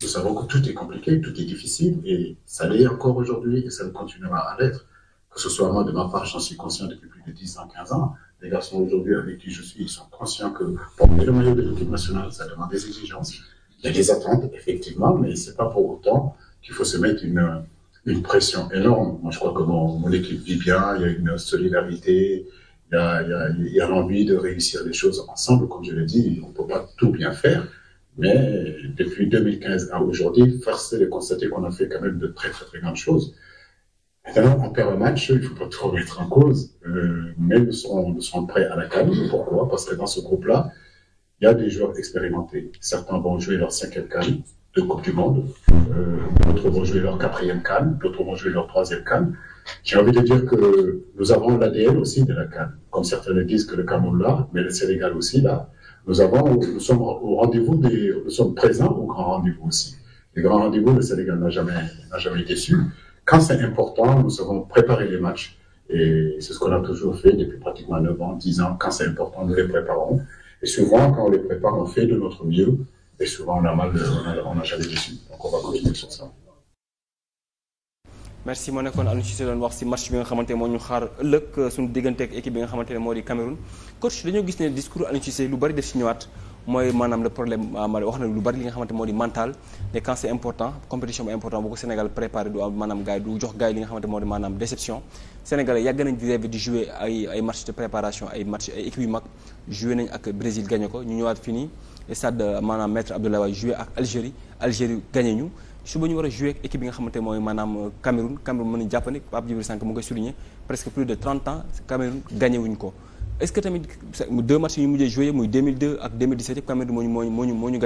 Nous savons que tout est compliqué, tout est difficile, et ça l'est encore aujourd'hui, et ça le continuera à l'être. Que ce soit moi, de ma part, j'en suis conscient depuis plus de 10 ans, 15 ans. Les garçons aujourd'hui avec qui je suis, conscients que porter Il y a des attentes, effectivement, mais c'est pas pour autant qu'il faut se mettre une, une pression énorme. Moi, je crois que mon, mon équipe vit bien, il y a une solidarité, il y a, il y a, il y a l'envie de réussir les choses ensemble. Comme je l'ai dit, on ne peut pas tout bien faire. Mais depuis 2015 à aujourd'hui, force est de constater qu'on a fait quand même de très, très, très grandes choses. Maintenant, on perd un match, il ne faut pas tout remettre en cause. Euh, mais nous serons, nous serons prêts à la calme. Pourquoi Parce que dans ce groupe-là, Il y a des joueurs expérimentés. Certains vont jouer leur cinquième canne de Coupe du Monde, euh, d'autres vont jouer leur quatrième canne, d'autres vont jouer leur troisième canne. J'ai envie de dire que nous avons l'ADN aussi de la canne, comme certains le disent que le Cameroun là, mais le Sénégal aussi là. Nous avons, nous sommes au rendez-vous des, nous sommes présents au grand rendez-vous aussi. Les grands rendez-vous, le Sénégal n'a jamais, n'a jamais déçu. Quand c'est important, nous avons préparé les matchs. Et c'est ce qu'on a toujours fait depuis pratiquement 9 ans, 10 ans. Quand c'est important, nous les préparons. Et souvent, on a mal, merci ma nekkoon Aliou Cissé doon wax si match bi nga xamante moo ñu xaar ëllëg euh, suñu diggante ak équipe bi nga xamante ne moo di Cameroun coach dañoo gis ne discours Aliou Cissé lu bari def si ñëwaat mooy maanaam le problème euh, ma wax na lu bari li nga xamante moo di mental mais quand c'est important compétition bu important ko Sénégal préparé du am maanaam gars du jox gars li nga xamante moo di maanaam déception Sénégalais yàgg nañ di rêver ay match de préparation ay match ay équipe yu mag joué nañ ak Brésil gagné ko ñu ñëwaat fii stade euh, maanaam maître Abdoulaye Wade ak Algérie Algérie gagné ñu suba ñu war a joué ak équipe bi nga xamante mooy maanaam euh, Cameroun Cameroun mën nañ jàpp ne Pape Djibril Sank mu ngi ko est-ce que tamit deux matchs yu mujjee joué muy 2002 ak 2017 yëpp Cameroun moo ñu moo ñu moo ñu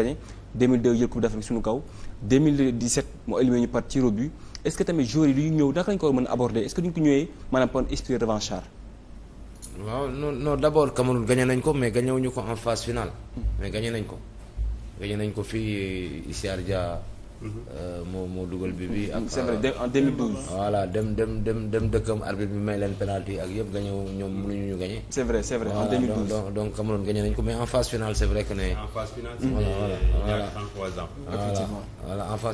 moo d'Afrique suñu kaw 2017 moo ñu par tir est-ce que tamit joueurs du ñëw naka lañ ko mën a aborder est-ce que duñ ko ñëwee maanaam pour esprit revanchard. waaw non non d'abord Cameroun gagné nañ ko mais gagné nañ ko fii Issa Dia. Euh, moo moo dugal bi bi ak. c'est vrai euh, en 2012. voilà dem dem dem dem dëkkam arbitre bi may leen penalty ak yëpp gañe ñoom mënuñu ñu gañe. c'est vrai c'est vrai en 2012 donc donc Cameroun gañe nañ ko mais en phase finale c'est vrai que ne. en phase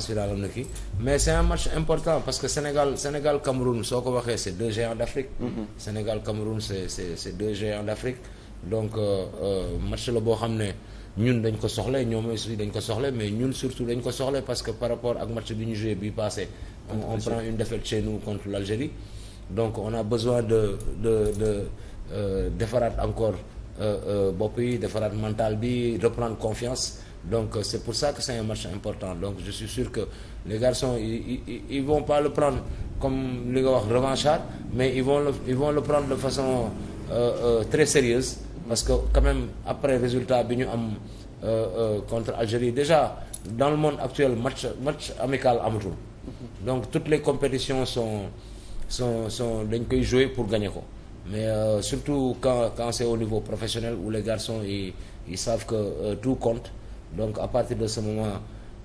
finale am na kii. mais c'est un match important parce que Sénégal Sénégal Cameroun soo ko waxee c'est deux géants d'Afrique. Mm-hmm. Sénégal Cameroun c'est c'est c'est deux d'Afrique donc euh, match la boo xam ne. ñun dañ ko soxla ñoom aussi dañ ko soxla mais ñun surtout dañ ko soxla parce que par rapport ak match bi ñu joué bi passé on, on prend une défaite chez nous contre l'Algérie donc on a besoin de de de euh, defaraat encore euh, euh, bopp yi defaraat mental bi reprendre confiance donc euh, c'est pour ça que c'est un match important donc je suis sûr que les garçons ils, ils, vont pas le prendre comme li nga wax revanchard mais ils vont le prendre de façon euh, très sérieuse parce que quand même après résultat bi ñu am euh, euh, contre Algérie déjà dans le monde actuel match match amical amatul. donc toutes les compétitions sont sont sont dañ koy jouer pour gagner ko mais euh, surtout quand quand c'est au niveau professionnel où les garçons ils ils que tout compte donc à partir de ce moment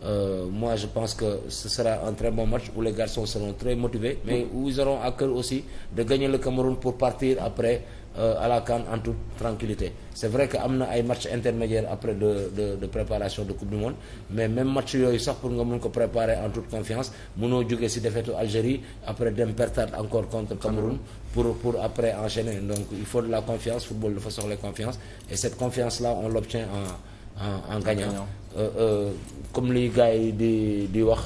euh, moi je pense que ce sera un très bon match où les garçons seront très motivés mais où ils à cœur aussi de gagner le Cameroun pour partir après Euh, à la CAN en toute tranquillité c'est vrai que am na ay match intermédiaire après de de de préparation de coupe du monde mais même match yooyu sax pour nga mun ko préparer en toute confiance munoo jógee ci défaite Algérie après dem pertaat encore contre Cameroun pour pour après enchaîner donc il faut de la confiance football dafa soxla confiance et cette confiance là on l'obtient en en en euh, euh, comme li gars yi di di wax.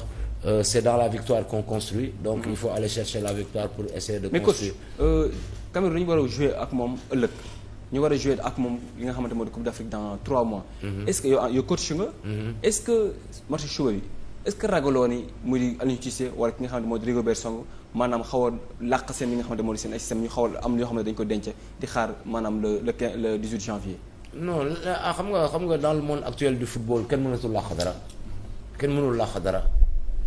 Euh, c'est dans la victoire qu'on construit donc mmh. il faut Cameroun dañu war a ak moom ëllëg ñu war a jouer ak moom li nga xamante moo di Coupe d'Afrique dans trois mois mhm. est-ce yow ah, yow coach nga mhm. est match suba bi est-ce que ragaloo ni muy di Aliou Cissé wala ki nga xamante moo di Rigobert Song maanaam xaw a làq seen li nga xamante moo di seen ay système ñu xaw am yoo xam ne dañu ko denc di xaar maanaam le le le 18 janvier non ah, xam nga xam nga dans le monde actuel du football kenn mënatul làq dara kenn mënul làq dara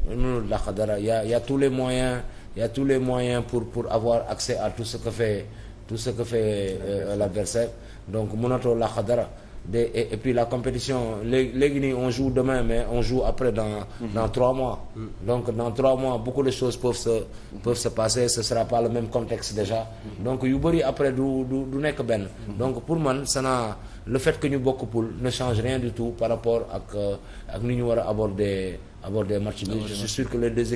mënul làq dara a a tous les moyens il y a tous les moyens pour pour avoir accès à tout ce que fait tout ce que fait euh, euh, l'adversaire donc mënatoo làq dara de et, et puis la compétition léegi léegi nii on joue demain mais on joue après dans mhm. dans trois mois mhm. donc dans trois mois beaucoup de choses peuvent se peuvent passer ce sera pas le même contexte déjà mhm. donc yu bëri après du du du nekk benn donc pour man ça le fait que ñu bokk poule ne change rien du tout par rapport ak euh, ak ni ñu war a aborder aborder match bi je suis sûr que les deux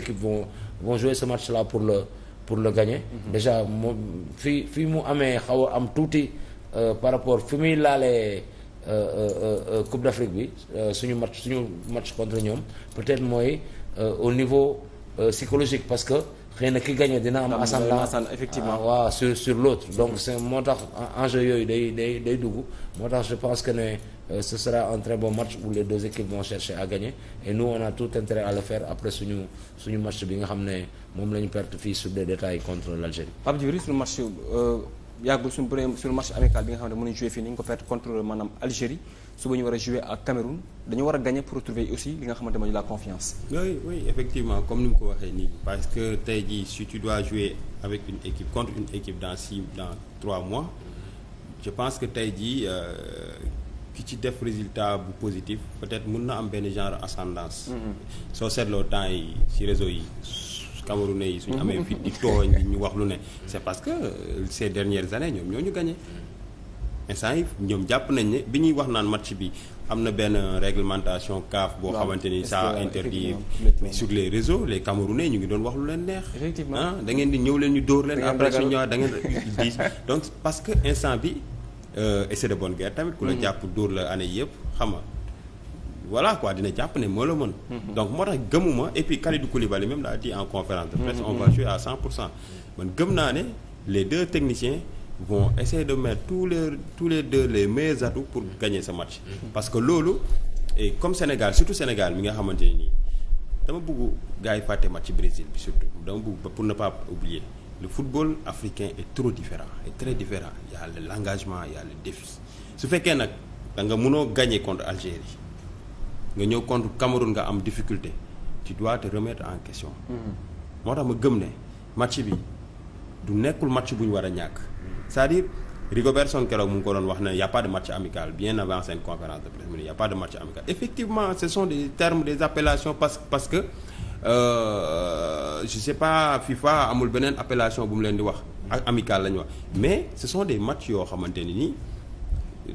vont jouer ce match là pour le pour le gagner. Mhm. déjà moom fii fii mu amee xaw a am tuuti euh, par rapport fi muy laalee euh, euh, Coupe d'Afrique bi suñu match suñu match contre ñoom peut-être mooy au niveau psychologique parce que. xëy na ki gagné dina am ascendant effectivement ah, waaw sur sur l'autre donc c'est moo tax enjeu yooyu day day day moo tax je pense que ne euh, ce sera un très bon match où les deux équipes vont chercher à gagner et nous a tout intérêt à le après suñu suñu match bi nga xam ne moom la perte fii sur des détails contre l'Algérie Pape Djibril suñu match euh, yàggul suñu match amical bi nga xam ne mën nañu jouer fii ni ñu ko perte contre maanaam Algérie suba ñu war a jouer ak Cameroun dañu war a gagner pour retrouver aussi li nga xamante ma mooy la confiance. oui oui effectivement comme ni mu ko waxee nii parce que tey jii si tu dois jouer avec une équipe contre une équipe dans six dans trois mois je pense que tey jii euh, ki ci def résultat bu positif peut-être mun na am benn genre ascendance. Mm-hmm. soo seetloo temps yi ci réseau yi. Camerounais yi suñu mm-hmm. amee fit di tooñ ñu wax lu ne c'est parce que euh, ces dernières années ñoom ñoo ñu gagné. instant yi ñoom jàpp nañ ne bi ñuy wax naan match bi am na benn réglementation CAF boo xamante ni saa ça interdit sur les réseaux les Camerounais ñu ngi doon wax lu leen neex ah da di ñëw leen ñu dóor leen après su ñëwaat da ngeen di donc parce que instant bi euh, et c'est de bonne guerre tamit ku la mm-hmm. jàpp door la année yëpp xam nga voilà quoi dina jàpp ne moo la mën mm-hmm. donc moo tax gëmuma et puis Kalidou Koulibaly même l'a dit en conférence de presse on mm-hmm. à 100 pour cent man gëm naa ne les deux techniciens bon essayer de mettre tous les tous les deux les meilleurs atouts pour gagner sa match. Mm-hmm. parce que loolu et comme Sénégal surtout Sénégal mi nga xamante ne nii dama buggu gars yi fàtte match ci Brésil bi surtout dama bëgg pour ne pas oublier le football africain est trop différent est très différent il y a l'engagement il y su fekkee nag da nga mënoo gagner contre Algérie nga ñëw contre Cameroun nga am difficulté tu dois te remettre en question. Mm-hmm. moo tax ma gëm ne match bi du nekkul match bu ñu war a ñàkk. c'est-à-dire Rigobert Song keroog mu ngi ko doon wax ne y' a pas de match amical bien avant seen conférence de presse mu ne y' a pas de match amical effectivement ce sont des termes des appellations parce que euh, je sais pas FIFA amul beneen appellation bu mu leen di wax ak amical la ñu wax mais ce sont des matchs yoo xamante ni nii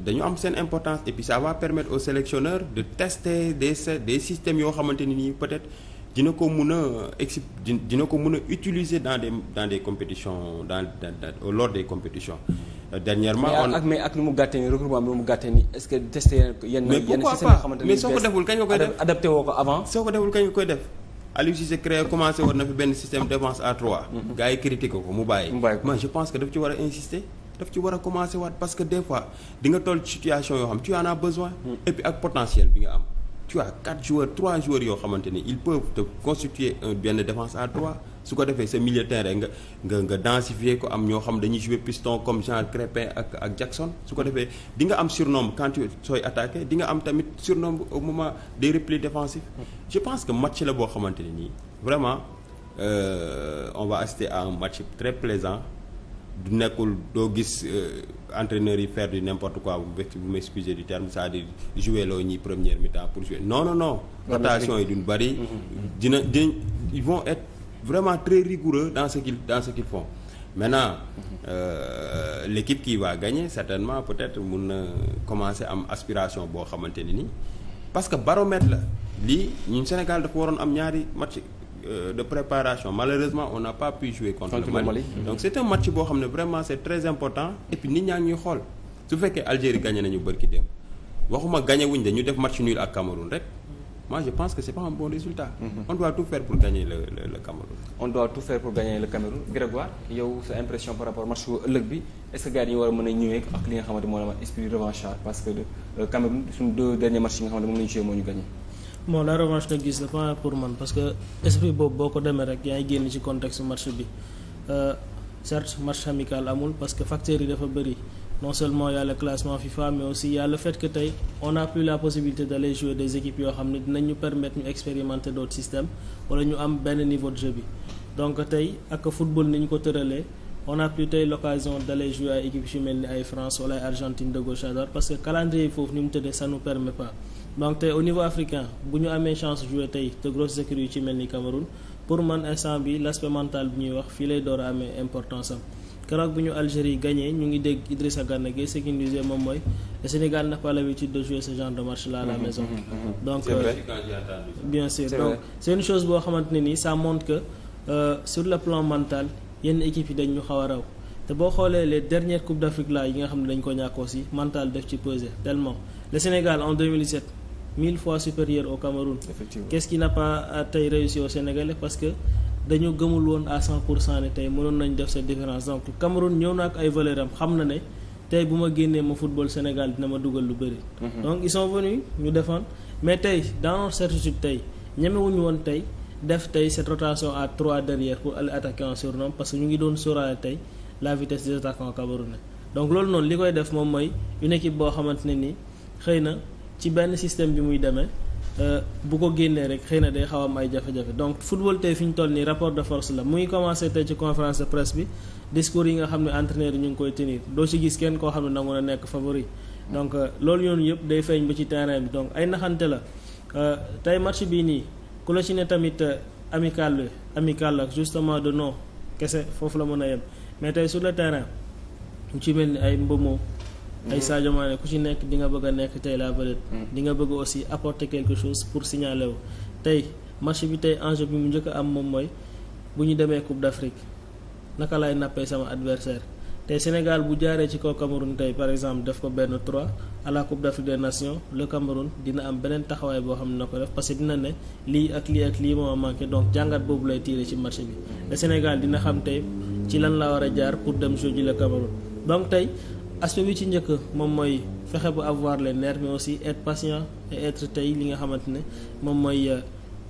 dañu am seen importance et puis ça va permettre aux sélectionneurs de tester des des systèmes yoo xamante ni nii peut-être. dina ko mun a exi dina ko mun a utiliser dans des dans des compétitions dans dans lors des compétitions. Euh, dernièrement on ak mais ak nu mu gàttee nii regroupement bi nu mu gàttee nii est-ce que testé yenn yenn système yoo xamante ni mais soo ko deful kañ nga def adapté woo ko avant. soo ko deful kañ nga def. Aliou Cissé créé commencé woon na fi benn système défense à 3. Mhm. gars yi ko mu bàyyi. man je pense que daf ci war a insister. daf ci war a commencer waat parce que des fois nga toll ci situation yoo xam tu en as besoin. Mhm. et ak potentiel am. tu as quatre joueurs trois joueurs yoo xamante ni ils peuvent te constituer benn défense à trois su ko defee sa milieu terrain nga nga nga densifier ko am ñoo xam dañuy jouer piston comme Jean Crépin ak ak Jackson su ko defee di nga am surnombre quand tu sooy attaqué di am tamit surnombre moment des replis défensifs je pense que match la boo xamante ne nii vraiment euh, on va assister à un match très plaisant du nekkul doo gis euh, entraîneurs yi faire du n'importe quoi bu bu m'excuser du terme c'est-à-dire jouer loo ñuy première mi-temps pour jouer non non non rotation yi duñ bëri mm-hmm. dina dinañ ils vont être vraiment très rigoureux dans ce qu'ils dans ce qu'ils font maintenant mm-hmm. euh, l'équipe qui va gagner certainement peut-être mun na commencer am aspiration boo xamante ne ni parce que baromètre la lii ñun Sénégal dafa waroon am ñaari match Euh, de préparation malheureusement on n'a pas pu jouer contre, contre le donc c'est match boo xam ne vraiment c'est très important et puis nit ñaa ñuy xool su fekkee Algérie gagné nañu bërki dem waxuma gagné wuñ de ñu def match nul ak Cameroun rek moi je que c'est pas un bon résultat. Mhm. on doit tout faire pour gagner le le le Cameroun. Grégoire yow sa impression par rapport match ëllëg bi est-ce que ñu war a mën a ñëwee ak li nga xamante moo la esprit revanchard parce que Cameroun suñu deux derniers matchs yi bon la revanche de Guisse la pas pour man parce que esprit boobu boo ko demee rek yaa ngi génn ci contexte match bi euh, certes match amical amul parce que facteurs yi dafa bëri non seulement y a le classement FIFA mais aussi y a que tey on a plus la possibilité d'aller jouer des équipes yoo xam ne dinañ ñu permettre ñu expérimenter d'autres systèmes wala ñu am benn niveau de jeu bi donc tey ak football ni ñu ko tëralee on a plus tey l'occasion d'aller jouer ay équipes yu mel ni ay France wala ay Argentine de gauche à que calendrier foofu ni mu tëddee ça nous donc te au niveau africain bu ñu amee chance jouer tey te grosses écuries yu ci mel ni Cameroun pour man instant bi l' aspect mental bi ñuy wax fii lay door a amee importance am keroog bu ñu Algérie gagné ñu ngi dégg Idrissa Gana Gueye ce qui nous dit moom mooy le Sénégal n'a pas l'habitude de jouer de match là à mmh, maison mmh, mmh, donc euh, bien sûr chose boo xamante ne nii ça montre que euh, sur le plan mental yenn équipe yi dañ ñu xaw a raw te boo xoolee les dernières coupes d' Afrique yi nga xam ne dañ ko ñàkk aussi mental def ci peser tellement le Sénégal en 2007 mille fois supérieur o Cameroun. effectivement quest n'a pas euh, tey réussi au parce que dañu gëmul woon à cent pour cent ne tey mënoon nañ def cette différence donc Cameroun ñëw na ak ay valeur am xam na ne tey bu ma génnee ma football Sénégal dina ma dugal lu bëri. Mhm. donc ils sont venus ñu défendre mais tey dans notre certitude tey ñemewuñu woon tey def tey cette rotation à trois derrière pour aller attaquer en surnombre parce que ñu ngi doon sóoraale tey la vitesse des attaquants camerounais donc noonu li koy def moom mooy une équipe boo xamante ne nii xëy na. ci benn système bi muy demee euh, bu ko génnee rek xëy na day xaw am ay jafe-jafe donc football tey fi ñu toll nii rapport de force la muy commencé tey ci conférence de presse bi discours yi nga xam ne entraîneur yi ñu ngi koy tenir doo ci gis kenn koo xam ne nangu na nekk favori. donc euh, loolu yoonu yëpp day feeñ ba ci terrain bi donc ay naxante la euh, tey match bii nii ku la ci ne tamit amical la amical la justement de non kese foofu la mën a yem mais tey su le terrain mu ci mel ni ay mbomoo. ay Sadio Mané ku ci nekk di nga bëgg a nekk tey la vedette. Mm. di nga bëgg aussi apporter quelque chose pour signaler wu tey marché bi tey enjeu bi mu njëkk am moom mooy bu ñu demee Coupe d'Afrique naka laay nappee sama adversaire tey Sénégal bu jaaree ci kaw Cameroun tey par exemple def ko benn 3 à la Coupe d'Afrique des Nations le Cameroun dina am beneen taxawaay boo xam ne na ko def parce que dina ne lii ak lii ak lii moo manqué donc jàngat boobu lay tiire ci marché bi le Sénégal dina xam tey ci lan la war a jaar pour dem jouer ji le Cameroun aspect bi ci njëkk moom mooy fexe ba avoir les nerfs mais aussi être patient et être tey li nga xamante ne moom mooy euh,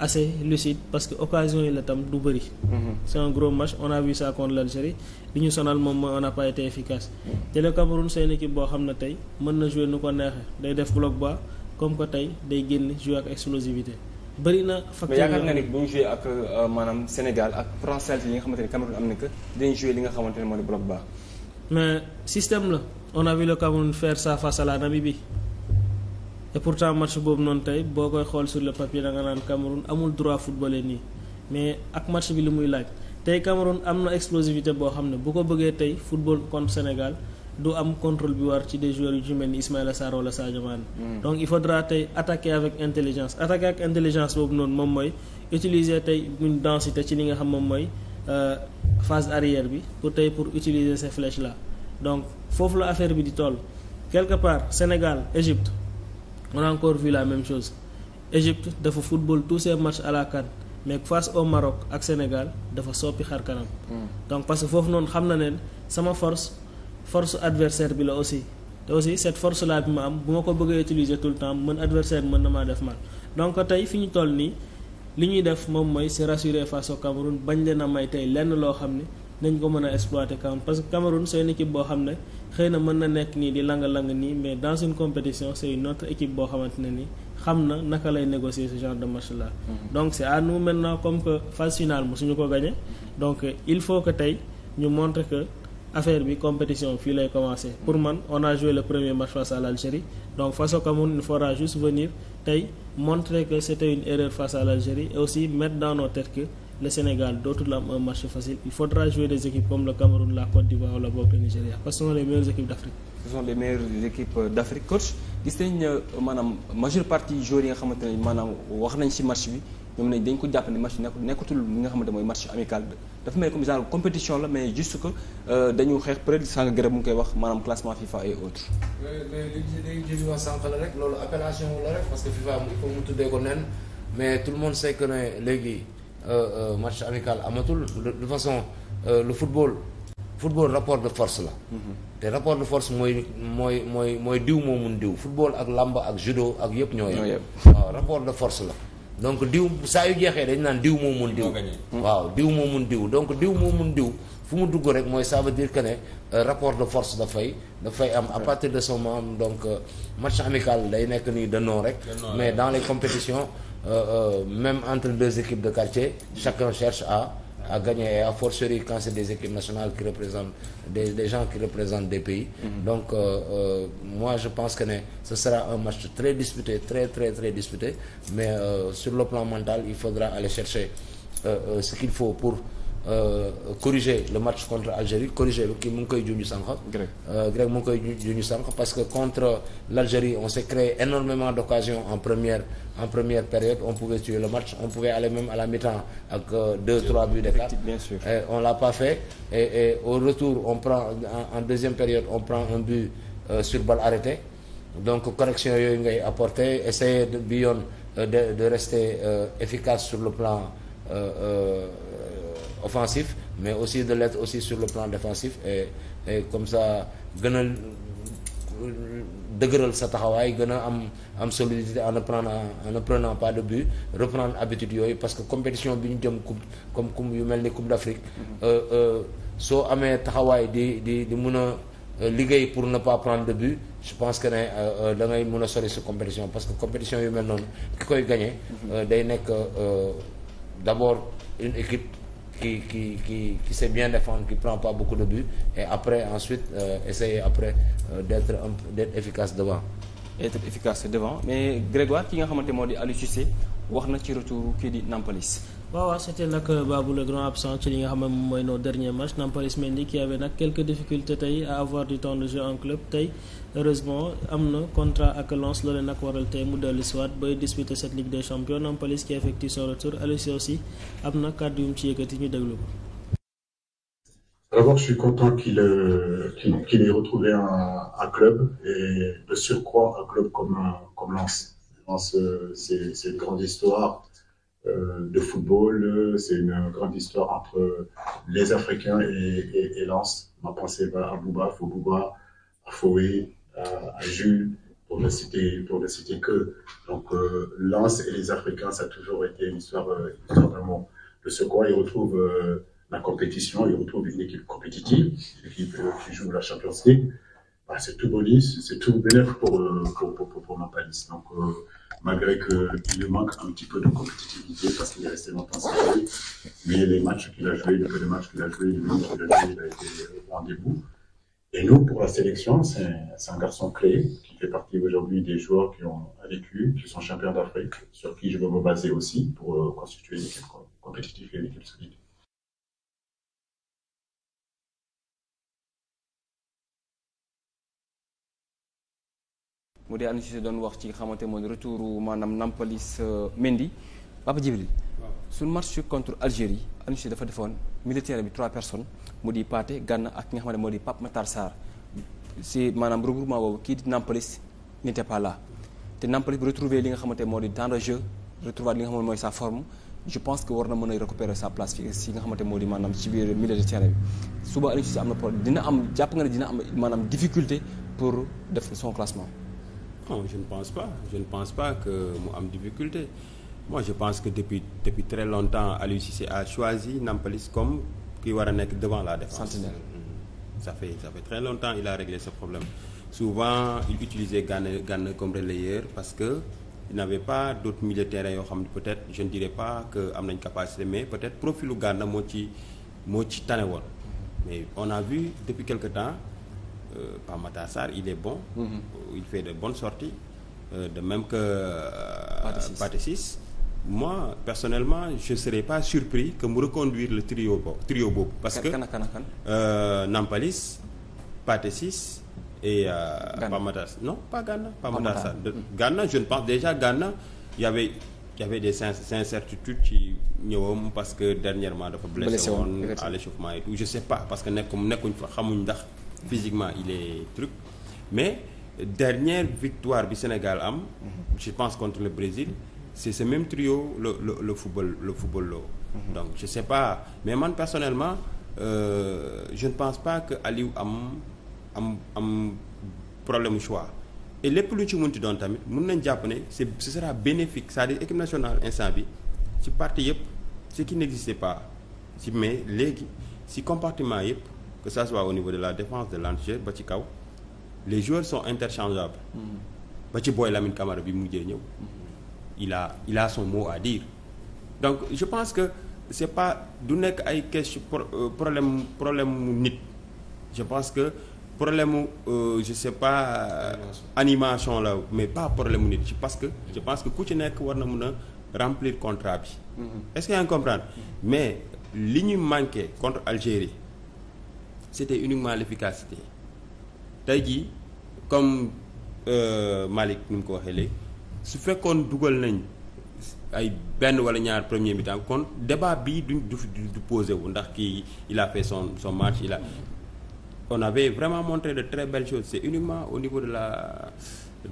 assez lucide parce que occasion yi la tam du bëri. Mhm. c'est un gros match on a vu ça contre l'Algérie li ñu sonal moom mooy on n'a pas été efficace. Mhm. te le Cameroun c'est boo xam ne tey mën na jouer nu ko neexee day def bloc ba comme que tey day génn jouer ak explosivité. bëri na facteur mais yaakaar nga ni bu ñu ak euh, maanaam Sénégal ak France yi nga xamante ne Cameroun am na que li nga xamante ne moo di bloc bas. mais on a vu le Cameroun faire ça face à la Namibie pourtant match boobu noonu tey boo koy xool sur le papier da nga naan Cameroun amul droit footballer nii mais ak match bi li muy laaj tey Cameroun am na explosivité boo xam ne bu ko bëggee tey football contre Sénégal du am contrôle bi war ci des joueurs yu ci mel ni Ismaïla Sarr wala Sadio Mané mm. donc il faudra tey attaquer avec intelligence attaquer ak intelligence boobu noonu moom mooy utiliser tey une densité ci li nga xam moom mooy euh, phase arrière bi pour tey pour utiliser ces flèches donc foofu la affaire bi di toll quelque part Sénégal Égypte on a encore même chose Égypte dafa football tous ses matchs à la CAN mais face au Maroc ak Sénégal dafa soppi xar kanam. Hmm. donc parce que foofu noonu xam na ne sama force force adversaire bi la aussi te aussi cette force là bi ma am bu ma ko bëggee utiliser tout le temps mën adversaire mën na ma def mal donc tey fi ñu toll nii li ñuy def moom mooy se rassurer face au Cameroun bañ leen a may tey lenn loo xam ne. nañ ko mën a exploiter Cameroun parce que Cameroun c'est une équipe boo xam ne xëy na mën na nekk nii di lang-lang nii mais dans une compétition c'est une autre équipe boo xamante ne nii xam na naka lay négocier ce genre de match là. Mm-hmm. donc c'est à nous maintenant comme que phase finale mosuñu ko gagner donc il faut que tey ñu montrer que. affaire bi compétition fii lay commencer pour man on a joué le premier match face à l'Algérie donc face au Cameroun il faudra tey montrer que c'était une erreur aussi mettre dans nos têtes que le Sénégal dootul am un marché facile il faudra jouer des équipes comme le Cameroun la Côte d'Ivoire wala boog le Nigéria parce que ce sont les meilleures équipes d'Afrique ce les meilleures équipes euh, d'Afrique coach gis nañ euh, maanaam partie joueurs yi nga xamante ne maanaam wax nañ ci match bi ñoom nañ dañ ko jàpp ne nekkatul li nga xamante mooy match amical dafa mel comme compétition la mais juste que euh, dañu xeex peut être sànq gërëm mu koy wax maanaam classement Euh, euh, match amical amatul de façon euh, lu football football rapport de force la mhm. te rapport de force mooy mooy mooy mooy diw moo mun diw football ak làmb ak judo ak yëpp ñoo yem waaw rapport de force la donc diw saa yu jeexee dañ naan diw moo mun diw mhm. waaw diw moo mun diw donc diw moo mun diw fu mu dugg rek mooy ça veut dire que ne rapport de force dafay dafay am à partir de ce moment donc match amical day nekk nii de non rek mais dans les compétitions Euh, euh, même entre deux équipes de quartier chacun cherche à à gagner et à forcerie quand c'est des équipes nationales qui représentent des des gens qui représentent des pays. Mm-hmm. donc euh, euh, je pense que ne ce sera un match très disputé très très très disputé mais sur le plan mental il faudra aller chercher ce qu'il faut pour. Euh, corriger le match contre Algérie corriger kii mu ngi koy junj sànq. Grec euh, Grec mu ngi koy junj sànq parce que contre l'Algérie on s'est créé énormément d'occasions en première en première période on pouvait tuer le match on pouvait aller même à la mi-temps ak euh, deux trois buts d'écart bien on l'a pa fait et et au retour on prend en deuxième période on prend un but sur balle arrêté donc correction yooyu ngay apporter essayer bi yoon de de rester efficace sur le plan offensif mais aussi de l'être aussi sur le plan défensif et et comme ça gën a dëgëral sa taxawaay gën a am am solidité en ne prenant en ne prenant pas de but reprendre habitude yooyu parce que compétition bi ñu jëm coupe comme coupe yu mel ni coupe d'Afrique mm-hmm. euh, euh, soo amee taxawaay di di di mun a euh, liggéey pour ne pas prend de but je pense que ne da ngay mun a sori sa compétition parce que compétition yu mel noonu ki koy gagné. Mm-hmm. day nekk d'abord une équipe qui, qui, qui, qui bien défendre, qui ne prend pas beaucoup de buts, et après, ensuite, euh, essayer après euh, d'être, d'être efficace devant. Être efficace devant. Mais Grégoire, qui xamante moo di l'UCC, wax na ci retour qui di Nampalis. waaw waaw c'était nag euh, Babou le grand absent ci li nga xam ne moom mooy nos derniers matchs Nampalys Mendy qui avait nag quelques difficultés tey à avoir du temps de jeu en club tey heureusement am na contrat ak Lens loolu nag waral tey mu dellu si waat bay disputer cette Ligue des Champions Nampalys qui effectue son retour Aliou Cissé am na kàddu yu mu ci yëkkati ñu déglu ko. D'abord, je suis content qu'il euh, qu'il qu'il ait retrouvé un, club et de surcroît un club comme comme Lens. Lens, euh, Euh, de football. Euh, c'est une grande histoire entre les Africains et, lance et Lens. Ma pensée va à à Fobouba, à Jules, pour ne citer, que. Donc, euh, et les Africains, ça a toujours été une histoire, euh, De ce quoi, ils retrouvent compétition, ils retrouvent une équipe compétitive, qui joue la Champions League. c'est tout bonus, pour, ma palisse. Donc, malgré qu'il lui manque un petit peu de compétitivité parce qu'il est resté longtemps sans Mais les matchs qu'il a joués, le peu de qu'il a joués, le minutes qu'il a joué, il a été rendez-vous. Et nous, pour la sélection, c'est un garçon clé qui fait partie aujourd'hui des joueurs qui sont champions d'Afrique, sur qui je veux me baser aussi pour euh, constituer une équipe compétitive et une équipe solide. mu dee Aliou Cissé doon wax ci xamante mooy retour maanaam Nampalis euh, Mendy Papa Djibril suñ match contre Algérie Aliou Cissé dafa defoon militaire bi trois personnes mu di Pathé Gana ak nga xam ne moo di Pape Matar Sarr si maanaam regroupement boobu kii di Nampalis n'était pas là te Nampalis bu retrouver nga xamante moo di temps de jeu retrouver li nga xamante mooy sa forme je pense que war na mën a récupérer sa place fii si nga xamante moo di maanaam ci suba Aliou am na problème dina am jàpp nga ne dina am maanaam difficulté pour def son classement non je ne pense pas je ne pense pas que mu am difficulté moi je pense que depuis depuis très longtemps Aliou Cissé a choisi Nampalys comme ki war a nekk devant la défense sentinelle ça fait ça fait très longtemps il a réglé ce parce que il n'avait pas d'autres milieux de terrain yoo xam ne peut-être je ne dirais pas que am nañ capacité mais peut-être profilu Gana moo ci moo ci tane woon mais on a vu Euh, Pape Matar Sarr il est bon. Mm -hmm. il fait de bonnes sorties euh, de même que. Pathé Ciss moi personnellement je serais pas surpris que mu reconduire le trio bo trio boobu. parce que kan kan kan euh, Nampalis Pathé Ciss et. Euh, Pape non pas Gana. Pape Matar Sarr de mm. Gana je ne pense déjà Gana y avait. y avait des incertitudes ci ñëwam parce que dernièrement dafa blessé woon à l'échauffement et tout je sais pas parce que nekk mu nekkuñ fa xamuñ ndax physiquement il est truc mais dernière victoire bi Sénégal am je pense contre le Brésil c'est ce même trio le le le football le football donc je sais pas mais man personnellement euh, je ne pense pas que Aliou am am am problème choix et lépp lu ci munti doon tamit mun nañ jàpp ne c'est ce sera bénéfique c'est-à-dire équipe nationale instant bi ci partie yëpp ce qui n'existait pas ci mais léegi ci compartiment yëpp que ça soit au niveau de la défense de l'antier ba ci kaw les joueurs sont interchangeables ba ci booy Lamine Camara bi mujjee ñëw il a il a son mot à dire donc je pense que c'est pas du nekk ay question euh, problème problème mu nit je pense que problème euh, je sais pas animation la mais pas problème nit ci parce que je pense que ku ci nekk war na mën a remplir contrat bi mm-hmm. est que yaa ngi mm-hmm. mais li ñuy manqué contre Algérie c'était uniquement l'efficacité tey jii comme euh, Malick ni mu ko waxee léegi su fekkoon dugal nañ ay benn wala ñaar premier mi-temps kon débat bi duñ du du posé wu ndax kii il a fait son son match il a on avait vraiment montré de très belles choses c'est uniquement au niveau de la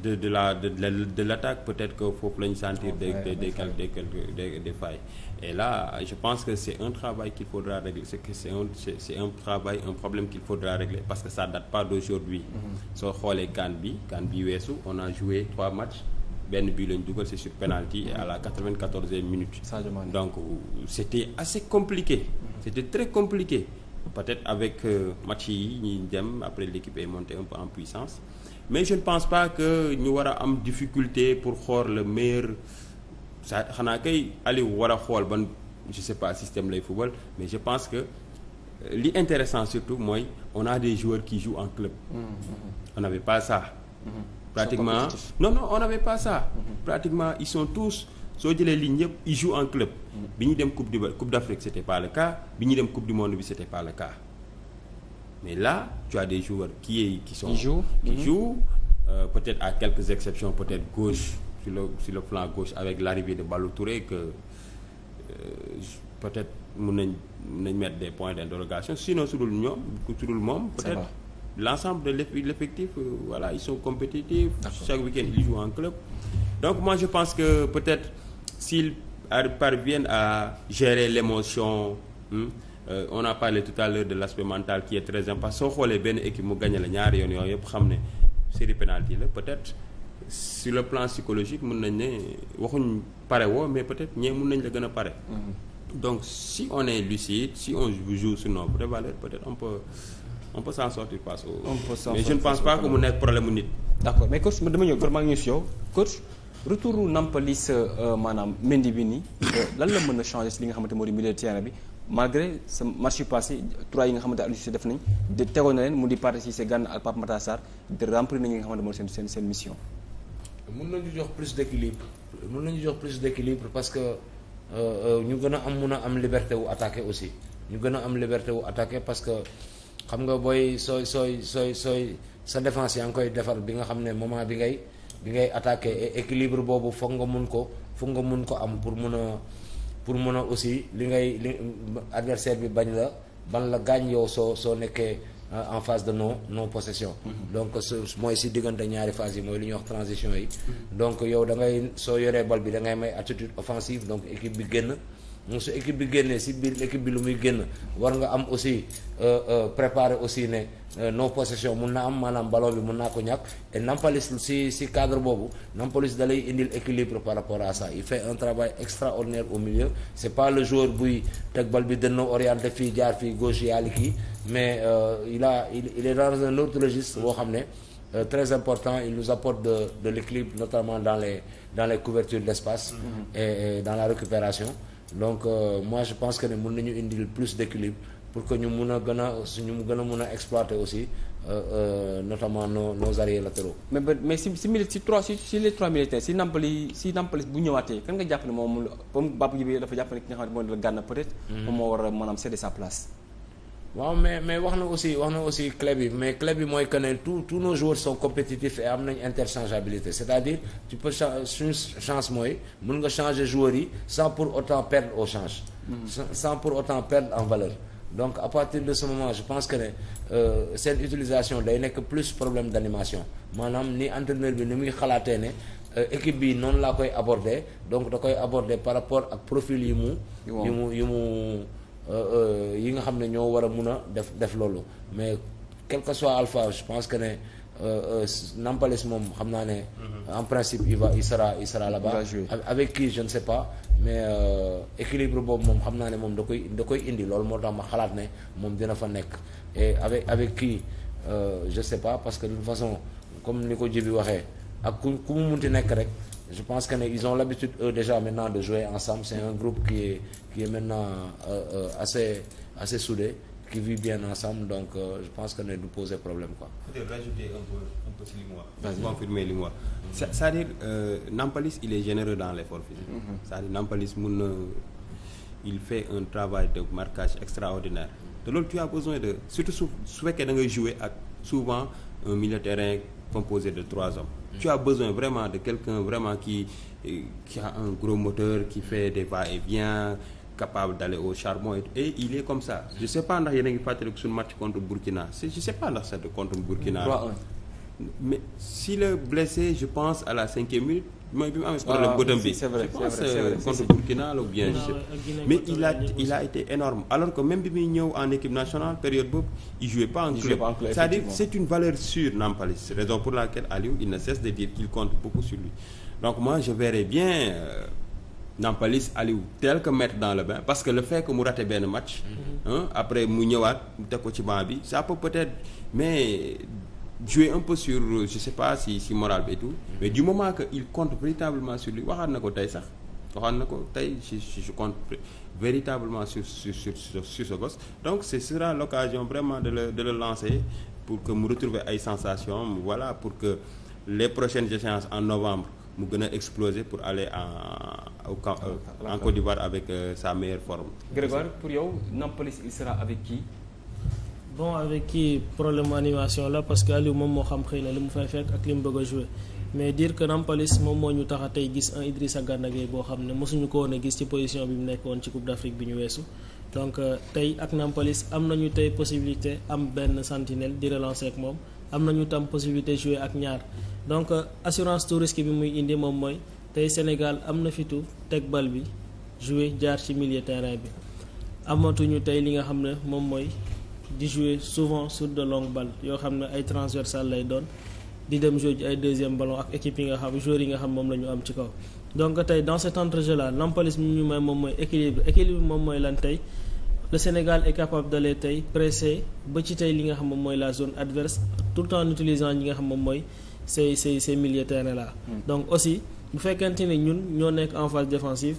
de de la de de, de l'attaque la être que de lañu sentir des des des des des failles Et là, je pense que c'est un travail qu'il faudra régler. C'est un, c'est un travail, un problème qu'il faudra régler parce que ça ne date pas d'aujourd'hui. Mhm. Soo xoolee CAN bi, CAN bi weesu, on a joué trois matchs. benn bii lañ dugal c'est sur penalty mhm. à la quatre-vingt-quatorzième minute. donc c'était assez compliqué. Mhm. c'était très compliqué. peut-être avec euh, match yi ñuy dem après l'équipe est montée en puissance mais je ne pense pas que ñu war a am difficulté pour xool le meilleur. ça xanaa kay Aliou war a xool ban je sais pas système lay football mais je pense que euh, li intéressant surtout mooy on a des joueurs qui jouent en club. Mm-hmm. Mm-hmm. on n'avait pas ça. Mm-hmm. pratiquement non non on n'avait pas ça. pratiquement ils sont tous soo jëlee ligne yëpp ils jouent en club. bi ñu dem coupe du coupe d'Afrique c'était pas le cas bi ñuy dem coupe du monde bi c'était pas le mais là tu as des joueurs qui ki sont. qui jouent qui jouent euh, peut-être à quelques exceptions peut-être gauche. sur le si le plan gauche avec l'arrivée de Balou Touré que euh, peut-être mën nañ mën nañ mettre des points d'interrogation sinon su dul ñoom su dul moom peut-être l'ensemble de l'effectif euh, voilà ils sont compétitifs chaque week-end ils jouent en club donc moi je pense que peut-être s'ils parviennent à gérer l'émotion Euh, on a parlé tout à l'heure de l'aspect mental qui est très important soo xoolee benn équipe mu gagné la ñaari yoon yooyu yëpp xam ne série penalty la peut-être sur le plan psychologique mën nañ ne waxuñ pare woo mais peut-être ñee mën nañ la gën a pare mm-hmm. donc si on est lucide si on joue sur nos vraies valeurs peut-être on peut on peut s'en sortir face au on peut s'en mais je ne pense pas que mu euh, euh, bi nii euh, lan la mën a changer si li nga xamante moo di milieu de bi malgré sa match passé trois yi nga xamante Aliou Cissé def nañ de tegoon na leen mu di participer gànn ak Pape Matar Sarr de remplir nga xamante moo di seen seen mën nañu jox plus d'équilibre mun nañu jox plus d'équilibre parce que euh, euh, ñu gën a am mun a am liberté wu attaquer aussi ñu gën a am liberté wu attaquer parce que xam nga booy sooy sooy sooy sooy sa défense yaa ngi koy defar bi nga xam ne moment bi ngay bi ngay attaquer équilibre boobu foog nga mun ko foog nga mun ko am pour mun a pour mun a aussi li ngay li adversaire bi bañ la ban la gaañ yow soo soo nekkee en phase de non non possession. Mhm. donc mooy si diggante ñaari phase yi mooy li ñuy wax transition yi. Mhm. donc yow da ngay soo yoree bal bi da ngay may attitude offensive donc équipe bi génn. su équipe bi génnee si biir équipe bi lu muy génn war nga am aussi euh, euh, préparer aussi ne euh, no possession mun na am maanaam ballon bi mun naa ko ñàkk et Nampalis si si cadre boobu Nampalis da lay indil équilibre par rapport à ça il fait un travail extraordinaire au milieu c'est pas le joueur buy teg bal bi dënna orienté fii jaar fii gauche yaali kii mais il a il est dans un autre registre boo xam ne Euh, très important il nous apporte de de l'équilibre notamment dans les les couvertures d'espace mm -hmm. dans la récupération donc euh, moi je pense que ne mun nañu indil plus d'équilibre pour que ñu mun a gën a suñu gën a mun a exploiter aussi euh, euh, notamment nos nos arrières latéraux. mais mais si si mili si trois si si les trois militaires si Nampali si Nampali bu ñëwaatee kan nga jàpp ne moom moom Babou Diop dafa jàpp ki nga xam ne mooy Gana peut mm-hmm. moom moo war a maanaam céder sa place. waaw mais mais wax na aussi wax na aussi clé bi mais clé bi mooy que ne tous tous nos joueurs sont compétitifs et am nañ interchangeabilité c'est-à-dire tu peux suñu chance mooy mën nga changer joueurs yi sans pour autant perdre au change. Hmm. sans pour autant perdre en valeur. donc à partir de ce moment je pense que ne euh, seen utilisation day nekk plus problème d'animation maanaam ni entraîneur bi ni muy xalaatee ne euh, équipe bi noonu laa koy aborder donc da koy aborder par rapport ak profil mu. yi mu yi mu. nga xam ne ñoo war a mun a def def loolu mais quel que soit Alpha je pense que ne euh, euh, Nampalys moom xam naa ne. Mhm. en principe il va il sera il sera là-bas. avec qui je ne sais pas mais euh, équilibre boobu moom xam naa ne moom da koy da koy indi loolu moo tax ma xalaat ne moom dina fa nekk et avec avec qui je sais pas parce que de toute façon comme ni ko Jibi waxee ak ku ku mu munti nekk rek. je pense que ne ils ont l'habitude eux déjà maintenant de jouer ensemble c'est un groupe qui assez soudés, qui vivent bien ensemble, donc euh, je pense que ne nous posait problème. Quoi. Je vais rajouter un peu, un peu sur confirmer les mois. C'est-à-dire, euh, Nampalis, il est généreux dans l'effort physique. Mm -hmm. C'est-à-dire, Nampalis, il fait un travail de marquage extraordinaire. De l'autre, tu as besoin de. Surtout si tu veux jouer à, souvent un milieu de terrain composé de trois hommes. Mm -hmm. Tu as besoin vraiment de quelqu'un vraiment qui, qui a un gros moteur, qui fait des va et bien capable d'aller au charbon et, il est comme ça je sais pas ndax yéen a ngi fàttaliku suñu match contre Burkina je sais pas ndax ça de contre Burkina mais si le blessé je pense à la cinquième minute mooy bi mu amee problème ah, bëtam je pense euh, contre Burkina ou bien euh, mais il a été énorme alors que même bi muy ñëw en équipe nationale période boobu il jouait pas en club cest une valeur sûre Nampalys raison pour laquelle Aliou il ne cesse de dire Nampalis Aliou tel que mettre dans le bain parce que le fait que mu raté benn match. Mhm. après mu ñëwaat teg ko ci banc bi ça peut peut-être mais jouer un peu sur je sais pas si si moral bi et tout. Mhm. mais du il compte véritablement sur lui waxaat na ko tey sax waxaat na ko tey je je compte véritablement sur sur sur sur ce gosse donc ce sera l'occasion vraiment de le de le lancer pour que mu retrouver ay sensations voilà pour que les prochaines échéances en novembre. mu gën a exploser pour aller en au camp euh, en Côte d'Ivoire avec euh, sa meilleure forme. Grégoire pour yow Nampalys il sera avec qui. bon avec qui problème animation la parce que Aliou moom moo xam xëy na li mu fay fekk ak li mu bëgg a mais dire que Nampalys moom moo ñu tax a tey gis un Idrissa Gana Gueye boo xam ne mosuñu ko woon a gis ci position bi mu nekkoon ci Coupe d'Afrique bi ñu weesu. donc euh, tey ak Nampalys am na ñu tey possibilité am benn sentinelle di relancer moom. am nañu tam possibilité jouer ak ñaar donc euh, assurance tout bi muy indi moom mooy tey Sénégal am na fitu teg bal bi jouer jaar ci milieu terrain bi amatuñu tey li nga xam ne moom mooy di jouer souvent sur de longue balle yoo xam ne ay transversal lay doon di dem jouer ji ay deuxième ballon ak équipe yi nga xam joueurs yi nga xam moom la ñu am ci kaw donc tey dans cet entrejeu là Nampalys mi ñu may moom mooy équilibre équilibre moom mooy lan tey le Sénégal est capable d'aller tey presser ba ci tey li nga xam moom mooy la zone adverse tout en utilisant li nga xam moom mooy ces ces ces milieux terrain là. Mm. donc aussi bu fekkente ni ñun ñoo nekk en phase défensive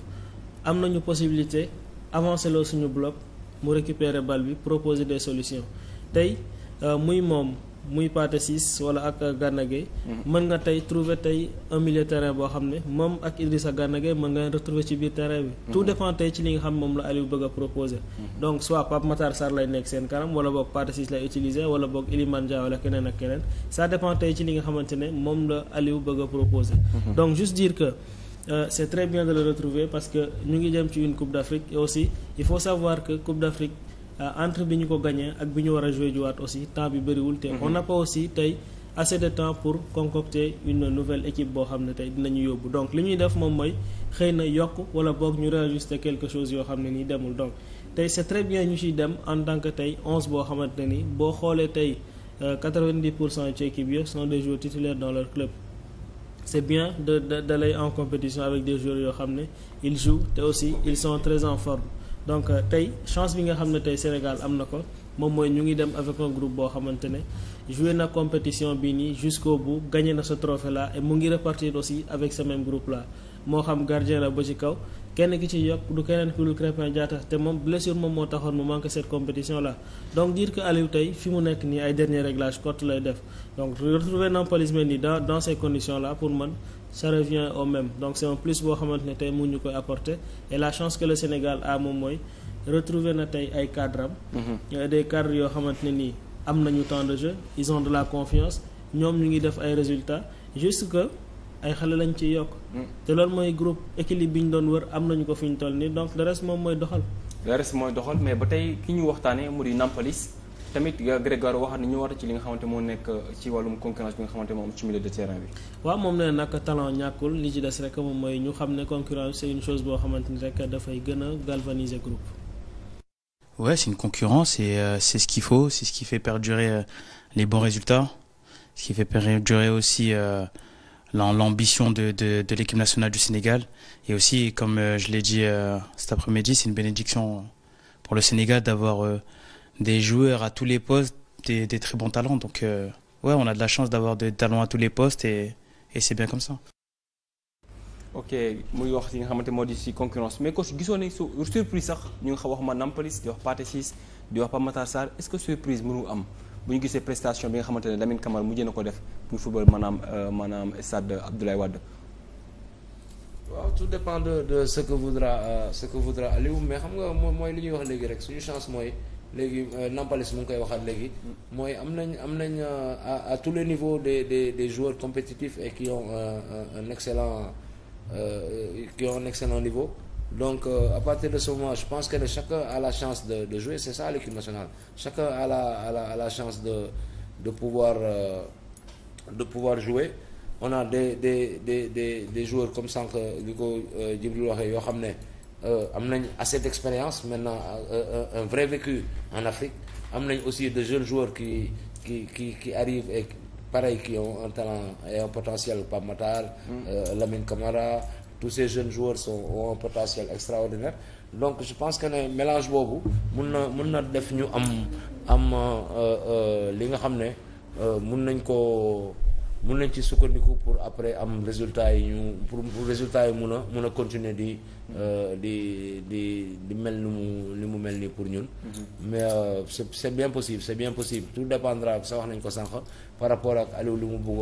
am na ñu possibilité avancer loo suñu bloc mu récupérer balle bi proposer des solutions tey euh, muy moom. muy Pathé Ciss wala ak Gana mën nga tey trouver tey un milieu terrain boo xam ne moom ak Idrissa Gana Gueye mën nga retrouver ci biir tout mhm. dépend tey ci li nga xam moom la Aliou bëgg a proposer mhm. donc soit Pape Matar Sarr lay nekk seen kanam wala boog Pathé Ciss lay utiliser wala boog Iliman Ndiaye wala keneen ak keneen ça dépend tey ci li nga xamante ne moom la Aliou bëgg proposer mhm. donc juste dire que euh, c'est très bien de le retrouver parce que ñu ngi Euh, entre bi ñu ko gañee ak bi ñu war a joué juwaat aussi temps bi bëriwul te mhm. on n'a pas aussi tey assez de temps pour concocter une nouvelle équipe boo xam ne tey dinañu yóbbu donc li ñuy def moom mooy xëy na yokk wala boog ñu réajuster quelque chose yoo xam ne nii demul donc tey c'est très bien ñu ciy dem en tant que tey onze boo xamante ne ni boo xoolee tey euh, quatre-vingt-dix pour cent ci équipe yëpp sont des joueurs titulaires dans leur club c'est bien de d'aller en compétition avec yoo xam ne ils jouent te aussi ils sont très en forme donc euh, tey chance bi nga xam ne tey Sénégal am na ko moom mooy ñu ngi dem avec un groupe boo xamante ne joué na compétition bii nii jusqu'au bu gagné na sa trophée là et mu ngi repartir aussi avec ce même groupe là moo xam gardien la ba ci kaw kenn ki ci yokk du keneen ku dul Crépin Diatta te moom blessure moom moo taxoon mu manqué cette compétition là donc dire que Aliou tey fi mu nekk nii ay dernier réglage courte lay def donc retrouver Nampalys Mendy dans pour man ça revient au même donc c'est un plus boo xamante ne tey mun ñu koy apporter la chance que le Sénégal a moom mooy retrouver na tey ay cadres am mhm. des cadres yoo xamante ne nii am nañu temps de jeu ils ont de la confiance ñoom ñu ngi def ay résultats juste que ay xale lañ ci yokk mhm. te loolu mooy groupe équilibre bi ñu doon wër am nañu ko fi ñu toll nii donc le moom mooy doxal le reste mooy doxal mais ba tey ki ñu waxtaanee mu di Nampalis tamit Grégoire wax na ñu war ci li nga xamante moo nekk ci wàllum concurrence bi nga xamante moom ci milieu de terrain bi. waaw moom ne nag talent ñàkkul li ci des rek moom mooy ñu xam ne concurrence c'est une chose boo xamante ni rek dafay gën a galvaniser groupe. ouais c'est une concurrence et euh, c'est ce qu'il faut c'est ce qui fait perdurer euh, les bons résultats ce qui fait perdurer aussi euh, l'ambition de de de l'équipe nationale du Sénégal et aussi comme euh, je l'ai dit euh, cet après-midi c'est une bénédiction pour des joueurs à tous les postes, des, des très bons talents. Donc euh, on a de la chance d'avoir des talents à tous les postes et, et c'est bien comme ça. muy wax li nga xamante moo di ci concurrence mais ko gisoon ne su surprise sax ñu nga xam wax ma Nampalys di wax Pathé Ciss di wax Pape Matar Sarr est que surprise mënu am bu ñu gisee prestation bi nga xamante ne Lamine Camara mujj na ko def pour football maanaam euh, maanaam stade Abdoulaye Wade. waaw tout dépend de de ce que euh, xam nga mooy li ñuy wax léegi rek suñu chance mooy. léegi euh, Nampalys mu ngi koy waxaat léegi. mooy am nañ am nañ euh, à tous les niveaux des des des joueurs compétitifs et qui ont euh, un excellent qui ont un excellent donc à partir de ce moment je pense que chacun a la chance de de jouer c'est ça l'équipe nationale chacun a la a chance de de pouvoir de pouvoir jouer. on a des des des des des joueurs comme sànq li ko Djibril waxee yoo xam ne. Euh, am nañ assez expérience maintenant euh, euh, un vrai vécu en Afrique am nañ aussi de jeunes joueurs qui qui qui qui arrivent et pareil qui ont un talent et un potentiel Pape Matar mm. Lamine Camara tous ces jeunes joueurs sont ont un potentiel extraordinaire donc je pense que ne mélange boobu mun na mun na def ñu am am li nga xam ne mun nañ ko mun nañ ci sukkandiku pour après am résultat yi ñu pour pour résultat yi mun a mun a continuer di euh, di di di mel ni mu ni mu mel nii pour ñun. Mm-hmm. mais euh, c' est c' bien possible c' est bien possible tout dépendra sa wax nañ ko sànq par rapport ak Aliou li mu bugg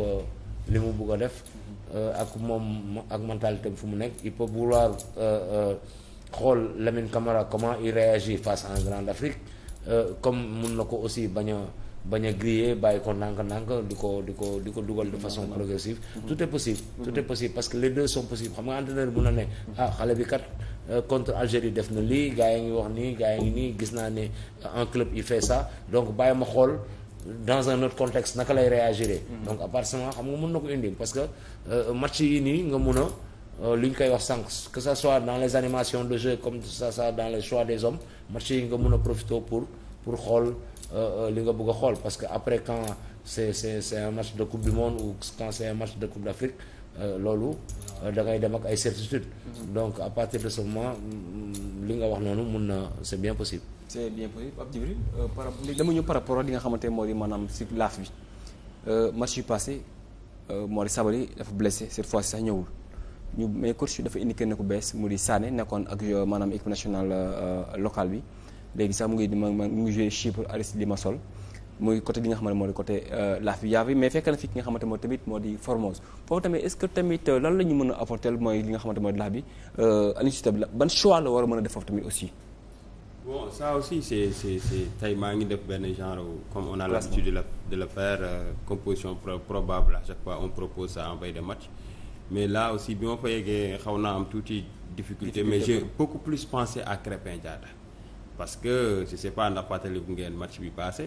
li mu bugg a def. Mm-hmm. Euh, ak moom ak mentalité am fu mu nekk il peut vouloir xool Lamine Camara comment il réagit face à un Afrique comme mun na ko aussi bañ bañ a griller bàyyi ko ndànk-ndànk di ko di ko di ko dugal de façon progressive mm-hmm. tout est possible mm-hmm. tout est possible parce que les deux sont possibles xam nga entraîneur mun na ne ah xale bi kat euh, contre Algérie def na lii gars yi ngi wax nii gars yi nii gis naa ne en euh, club il fait ça donc bàyyi ma xool dans un autre contexte naka lay réagir mm-hmm. donc à part xam nga mën na ko indi parce que euh, match yi nii nga mun a li ñu koy wax sànq que ça soit dans les animations de jeu comme ça ça dans les nga mun a profité pour pour xool Euh, euh, li nga bëgg a xool parce que après quand c'est c'est c'est un match de coupe du monde ou quand c'est un match de coupe d'Afrique euh, loolu da ngay dem ak ay certitude mm-hmm. donc à partir de ce moment mm, li nga wax noonu mun na c'est bien possible c'est bien possible Pape Djibril par dama ñëw par rapport ak li nga xamante moo di maanaam si laaf bi match yu passé moo di Sabaly dafa blessé cette fois ci sax ñëwul ñu mais coach dafa indiqué ne ku bees mu di Sané nekkoon ak maanaam équipe nationale locale bi léegi sax mu ngi ma mu ngi joué Chypre Aristide Limassol muy côté bi nga xamante moo di côté euh, Lafia bi mais fekk na fi ki nga xamante moo tamit moo di Formose foofu tamit est-ce que tamit euh, lan la ñu mën a apporter mooy li nga xamante mooy euh, war a mën a def foofu tamit aussi bon ça aussi c'est c'est c'est tey maa ngi def benn genre comme a l'habitude de le de le faire euh, composition probable à chaque fois on propose bi ma fa yeggee xaw naa am tuuti difficulté mais j'ai beaucoup plus pensé à Crépin Diatta parce que je sais pas ndax fàttaliku ngeen match bi passé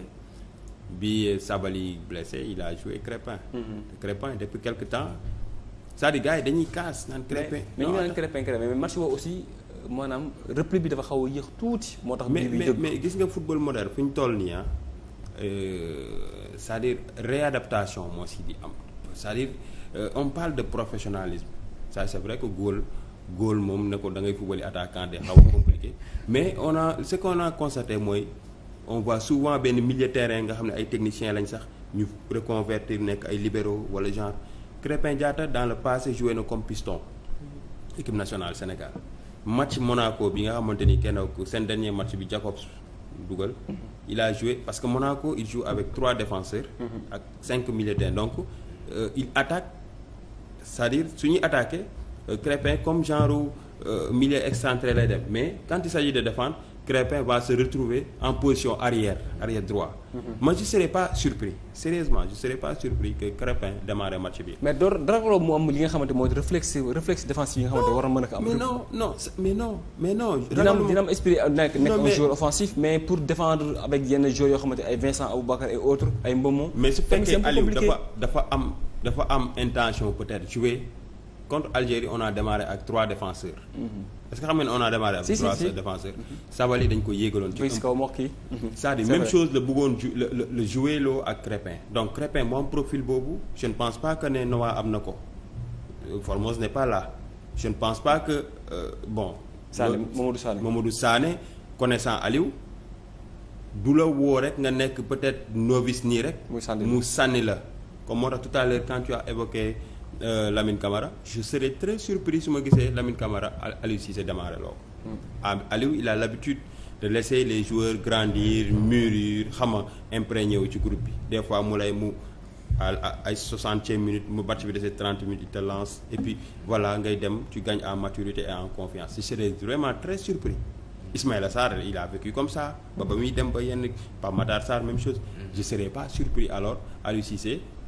bi Sabali blessé il a joué Crépin. Mm -hmm. Crépin depuis quelque temps c'est-à-dire gars yi dañuy kaas naan Crépin. mais ñu naan Crépin mais match boobu aussi maanaam repli bi dafa xaw a yéex tuuti. moo tax mais mais gis nga football moderne fu ñu toll nii ah euh, c'est-à-dire réadaptation moo si di am c'est-à-dire euh, parle de professionnalisme ça c'est vrai que góor moom ne ko da ngay fubali attaque de xaw compliqué mais on a ce qu'on a constaté mooy on voit souvent benn milieu terrain nga xam ne ay techniciens lañ sax ñu reconvertir nekk ay libéraux wala genre Crépin Diatta dans le passé joué na comme piston équipe nationale Sénégal match Monaco bi nga xamante ni kenn seen dernier match bi Jacobs dugal il a joué parce que Monaco il joue avec trois défenseurs mm-hmm. ak cinq milieux terrain donc euh, il attaque cest su ñuy attaqué Euh, crépin comme genre euh, milieu excentré lay dem mais quand il s'agit de défendre Crépin va se retrouver en position arrière arrière droit. Mhm. moi je serais pas surpris sérieusement je serais pas surpris que Crépin démarre match bi. mais dara waroo mu am li nga xamante mooy réflexe réflexe défense yi nga xamante war na mën am. mais non non mais non mais non. dina am dina euh, nekk nekk un joueur offensif mais pour défendre avec yenn joueurs yoo xamante ay Vincent Aboubakar et autres ay Mbomo. mais su fekkee Aliou dafa dafa am dafa am intention peut-être contre Algérie on a démarré ak trois défenseurs. Mhm. est-ce que xam ngeen on a démarré ak. si trois si. défenseurs. dañ ko yéegaloon ci. kaw mokk yi. Mhm. Mhm. cest à chose la bëggoon ju la la joué loo ak Crépin donc Crépin moom profil boobu jeune pense pas que ne Noa am na ko euh, Formose n'est pas là je pense pas que euh, bon. Sané Mamadou Sané Mamadou Sané connaissant Aliou. du la woo rek nga nekk peut-être novice nii rek. mu sànni la mu sànni la comme moo tax tout à l'heure quand tu as Euh, Lamine Camara je serais très surpris su ma gisee Lamine Camara Aliou Cissé démarré loo ko. Hmm. Aliou il a l'habitude de laisser les joueurs grandir mûrir xama imprégné wu ci groupe bi des fois mu lay mu ay soixantième minute mu battu bi dese trente minutes il te lance et puis voilà ngay dem tu gagnes en maturité et en confiance je serais vraiment très surpris. Ismaïla Sarr il a vécu comme ça ba ba muy dem ba yenn Pape Matar Sarr même chose hmm. je serais pas surpris alors Aliou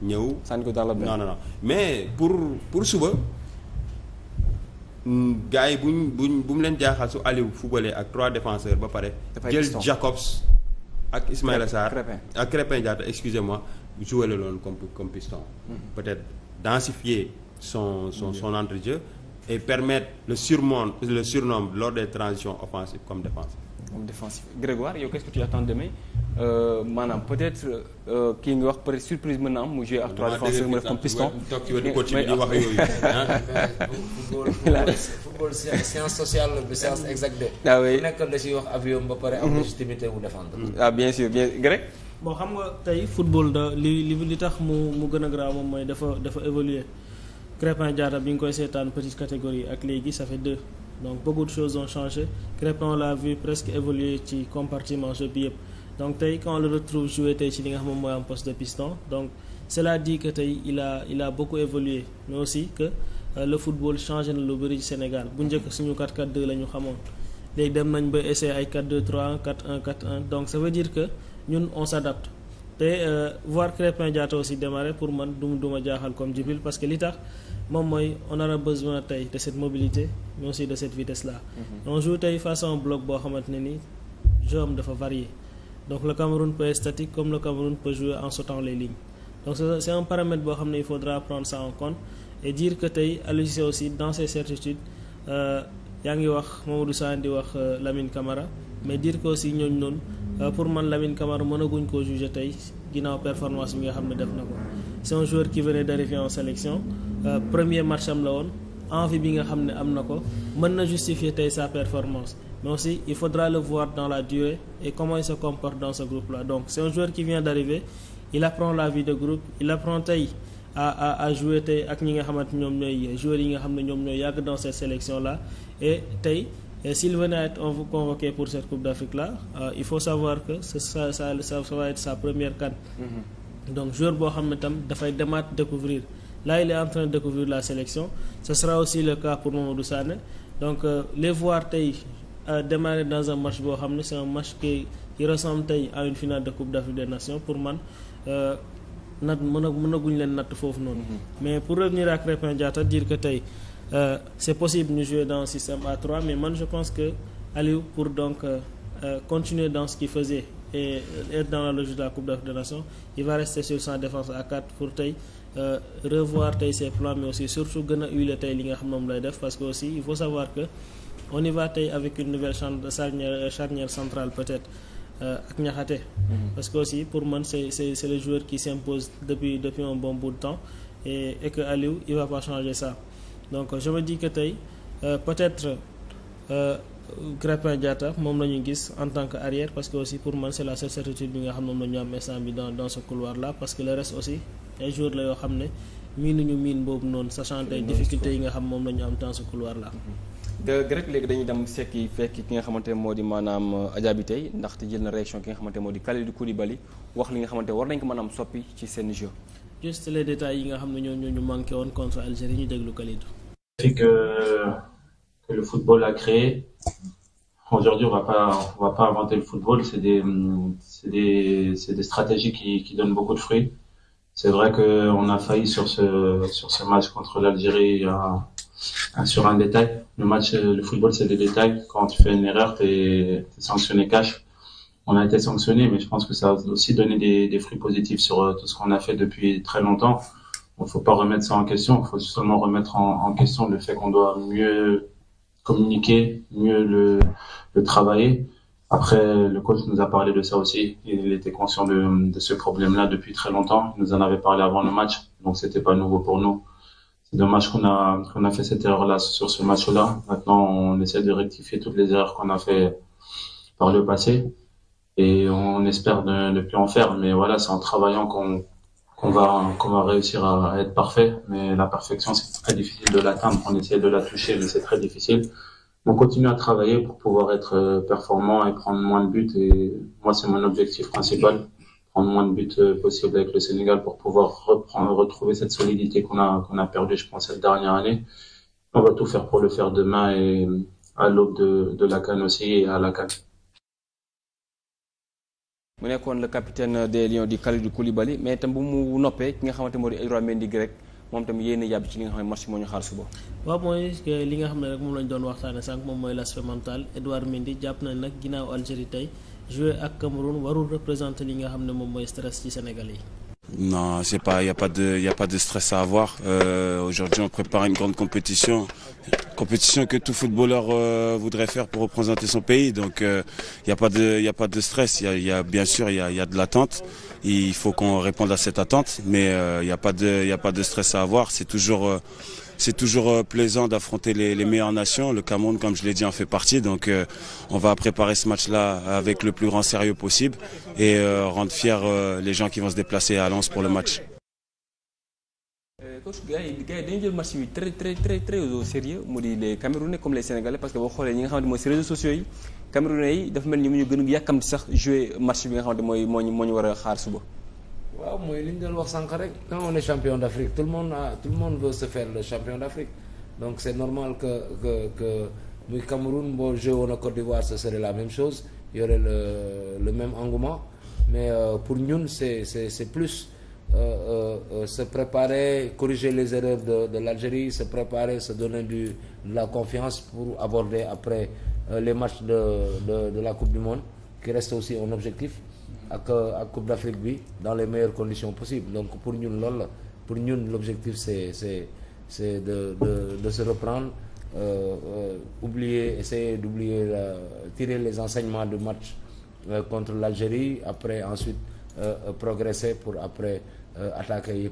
ñëw. sànni ko daal la non non mais pour pour suba mm, gars yi buñ buñ bu mu leen jaaxal su Aliou footballé ak trois défenseurs ba pare. jël Jacobs ak Ismaïla Sarr ak Crépin Diatta excusez-moi joué la comme piston. Mm-hmm. peut-être densifier son son mm-hmm. son entre-jeu et permettre le surmon le surnombre lors des transitions offensives comme défensives. comme défensif Grégoire yow qu'est-ce que tu attends demain euh, maanaam peut-être euh, kii nga wax peut-être surprise mën na am mu da mhm. mhm. ah, xam nga tey football da li li tax mu gën a graaw moom mooy dafa dafa évoluer Crépin Diatta bi nga koy seetaan petite catégorie ak léegi ça fait donc beaucoup de choses changé Crépin l'a vu presque évoluer ci compartiment jeu bi yëpp donc tey quand on le retrouve jouer tey ci li nga xam moom mooy am poste de piston donc cela dit que tey il a il a beaucoup évolué mais aussi que euh, le football changé na lu bëri ci Sénégal bu njëkk suñu 4 4 deux la ñu xamoon léegi dem nañ ba essayer ay 4-2-3 4-1 4-1 donc ça veut dire que ñun on s'adapte te euh, voir Crépin Diatta aussi démarrer pour man du du ma jaaxal comme Djibril parce que li tax moom mooy on aura besoin tey de cette mobilité mais aussi de cette vitesse là. Mhm. on joue tey façon bloc boo xamante ne ni jeu dafa varié donc la Cameroun peut être statique comme le Cameroun peut jouer en sautant les lignes donc c' un paramètre boo xam ne il faudra prendre ça en compte et dire que tey Aliou aussi dans ses certitudes euh, yaa ngi wax Mamadou Sane di wax euh, Lamine Camara mais dire que aussi noonu. Euh, pour man Lamine Camara mënaguñ ko jugé tey ginnaaw performance bi nga xam ne def na ko c'est un joueur qui venait d'arriver en sélection euh, premier match am la woon envie bi nga xam ne am na ko mën na justifier tey sa performance mais aussi il faudra le voir dans la durée et comment il se comporte dans ce groupe là donc c'est un joueur qui vient d'arriver il apprend la vie de groupe il apprend tey à à à tey ak ñi nga xamante ñoom ñooy joueurs yi nga xam ne ñoom ñooy yàgg dans cette sélection tey Et s'il venait à être on vous convoqué pour cette Coupe d'Afrique-là, euh, il faut savoir que ça, ça, ça, sa première canne. Mm -hmm. Donc, joueur Bohametam, Dafay Damat découvrir. Là, il est de découvrir la sélection. Ce sera aussi le cas pour Mamadou Sane. Donc, euh, les voir taille, euh, démarrer dans un match Bohamne, c'est un match qui, qui ressemble taille, à une finale de Coupe d'Afrique des Nations pour Man. Euh, nat mënaguñ leen natt foofu noonu mm-hmm. mais pour revenir à Crépin Diatta dire que tey euh, c'est possible ñu jouer dans un système à 3 mais man je pense que Aliou pour donc euh, euh, continuer dans ce qu'il faisait et euh, être dans la logique de la Coupe d'Afrique des Nations il va rester sur sa défense à 4 pour te euh, revoir tey ses plans mais aussi surtout gën a huiler tey li nga xam moom lay def parce que aussi il faut savoir que on y va tey avec une nouvelle charnière charnière centrale peut-être ak Niakhaté. Mm-hmm. parce que aussi pour man c'est c'est c'est le joueur qui s'impose depuis de temps et et que Aliou il va pas donc je me dis tey euh, peut-être euh, Crépin Diatta moom la ñu gis en tan que arrière parce que aussi pour man c'est la seule certitude bi nga xam moom la ñu am instant bi dans dans ce couloir là parce que le reste aussi ay joueurs la miin boobu noonu sa tey difficultés yi nga xam moom la am dans ce couloir là. Mm-hmm. dëgg rek léegi dañuy dem sekki fekki ki nga xamante moo di maanaam euh, ajaabi tey ndaxte jël na réaction ki nga xamante moo di Kalidou Koulibaly wax li nga xamante war nañ ko mën a am soppi ci seen jeu. juste les détails yi nga xam ne ñoo ñu manqué woon contre Algérie ñu déglu Kalidou. que que le football a créé aujourd'hui on va pas on inventer le football c'est des stratégies qui donnent beaucoup de fruits. C'est vrai que on a failli sur ce match contre l'Algérie sur un détail. Le match le football c'est des détails quand tu fais une erreur t'es t'es sanctionné on a été sanctionné, mais je pense que ça a aussi donné des, des fruits positifs sur euh, tout ce qu'on a fait depuis très longtemps. Il ne faut pas remettre ça en question, il faut seulement remettre en, en question le fait qu'on doit mieux communiquer, mieux le, le, travailler. Après, le coach nous a parlé de ça aussi. Il était conscient de, de ce problème-là depuis très longtemps. Il nous en avait parlé avant le match, donc c'était pas nouveau pour nous. C'est dommage qu'on a, qu'on a fait cette erreur-là sur ce match-là. Maintenant, on essaie de rectifier toutes les erreurs qu'on a fait par le passé. et on espère ne, ne plus en faire. Mais voilà, c'est en travaillant qu'on qu'on va qu'on va réussir à, être parfait. Mais la perfection, c'est très difficile de l'atteindre. On essaie de la toucher, mais c'est très difficile. On continue à travailler pour pouvoir être euh, performant et prendre moins de buts. Et moi, c'est mon objectif principal prendre moins de buts euh, possible avec le Sénégal pour pouvoir reprendre, retrouver cette solidité qu'on a qu'on a perdue, je pense, cette dernière année. On va tout faire pour le faire demain et à l'aube de, de la canne aussi et à la canne. mu nekkoon le capitaine des Lions di Kalidou Koulibaly mais itam bu mu noppee ki nga xamante moo di Edouard Mendy grec moom itam yéen yàbb ci li nga xam ne match moo ñu xaar suba. li nga xam ne rek moom lañ doon waxtaane sànq moom mooy l'aspect mental Edouard Mendy jàpp na nag ginnaaw Algérie tey jouer ak Cameroun warul représenter li nga xam ne moom mooy stress ci Sénégal yi. Non, c'est pas, il n'y a pas de, il a pas de stress à avoir. Euh, aujourd'hui, on prépare une grande compétition, compétition que tout footballeur euh, voudrait faire pour représenter son pays. Donc, il euh, n'y a pas de, il a pas de stress. Il y, y a, bien sûr, il y a, y a, de l'attente. Il faut qu'on réponde à cette attente, mais il euh, n'y a pas de, il a pas de stress à avoir. C'est toujours euh, c'est toujours euh, plaisant d'affronter les, les, meilleures nations. Le Cameroun, comme je l'ai dit, en fait partie. Donc euh, on va préparer ce match-là avec le plus grand sérieux possible et euh, rendre fiers euh, les gens qui vont se déplacer à Lens pour le match. coach gars yi gars yi dañu jël comme les Sénégalais parce que boo xoolee ñi nga xamante mooy si réseaux sociaux yi Camerounais yi dafa mel ni ñoom ñu gën a sax jouer match bi nga xamante mooy moo ñu moo war a xaar suba. waaw mooy li ñu doon wax sànq rek quand ah, on est champion d'Afrique tout le monde a tout se faire champion d'Afrique donc c'est normal que muy Cameroun boo joué woon a Côte d'Ivoire ce serait la même chose y aurait le le même engouement mais euh, pour ñun c'est c'est c'est plus euh, euh, euh, se préparer corriger les erreurs de de l'Algérie se préparer se donner de la confiance pour aborder après euh, les matchs de de de la Coupe du Monde qui reste aussi un objectif ak ak Coupe d'Afrique bi dans les meilleures conditions possibles donc pour ñun loolu la pour ñun l'objectif c'est c'est c'est de de de se reprendre euh, euh, oublier essayer d'oublier euh, tirer les enseignements du match euh, contre l'Algérie après ensuite euh, progresser pour après attaquer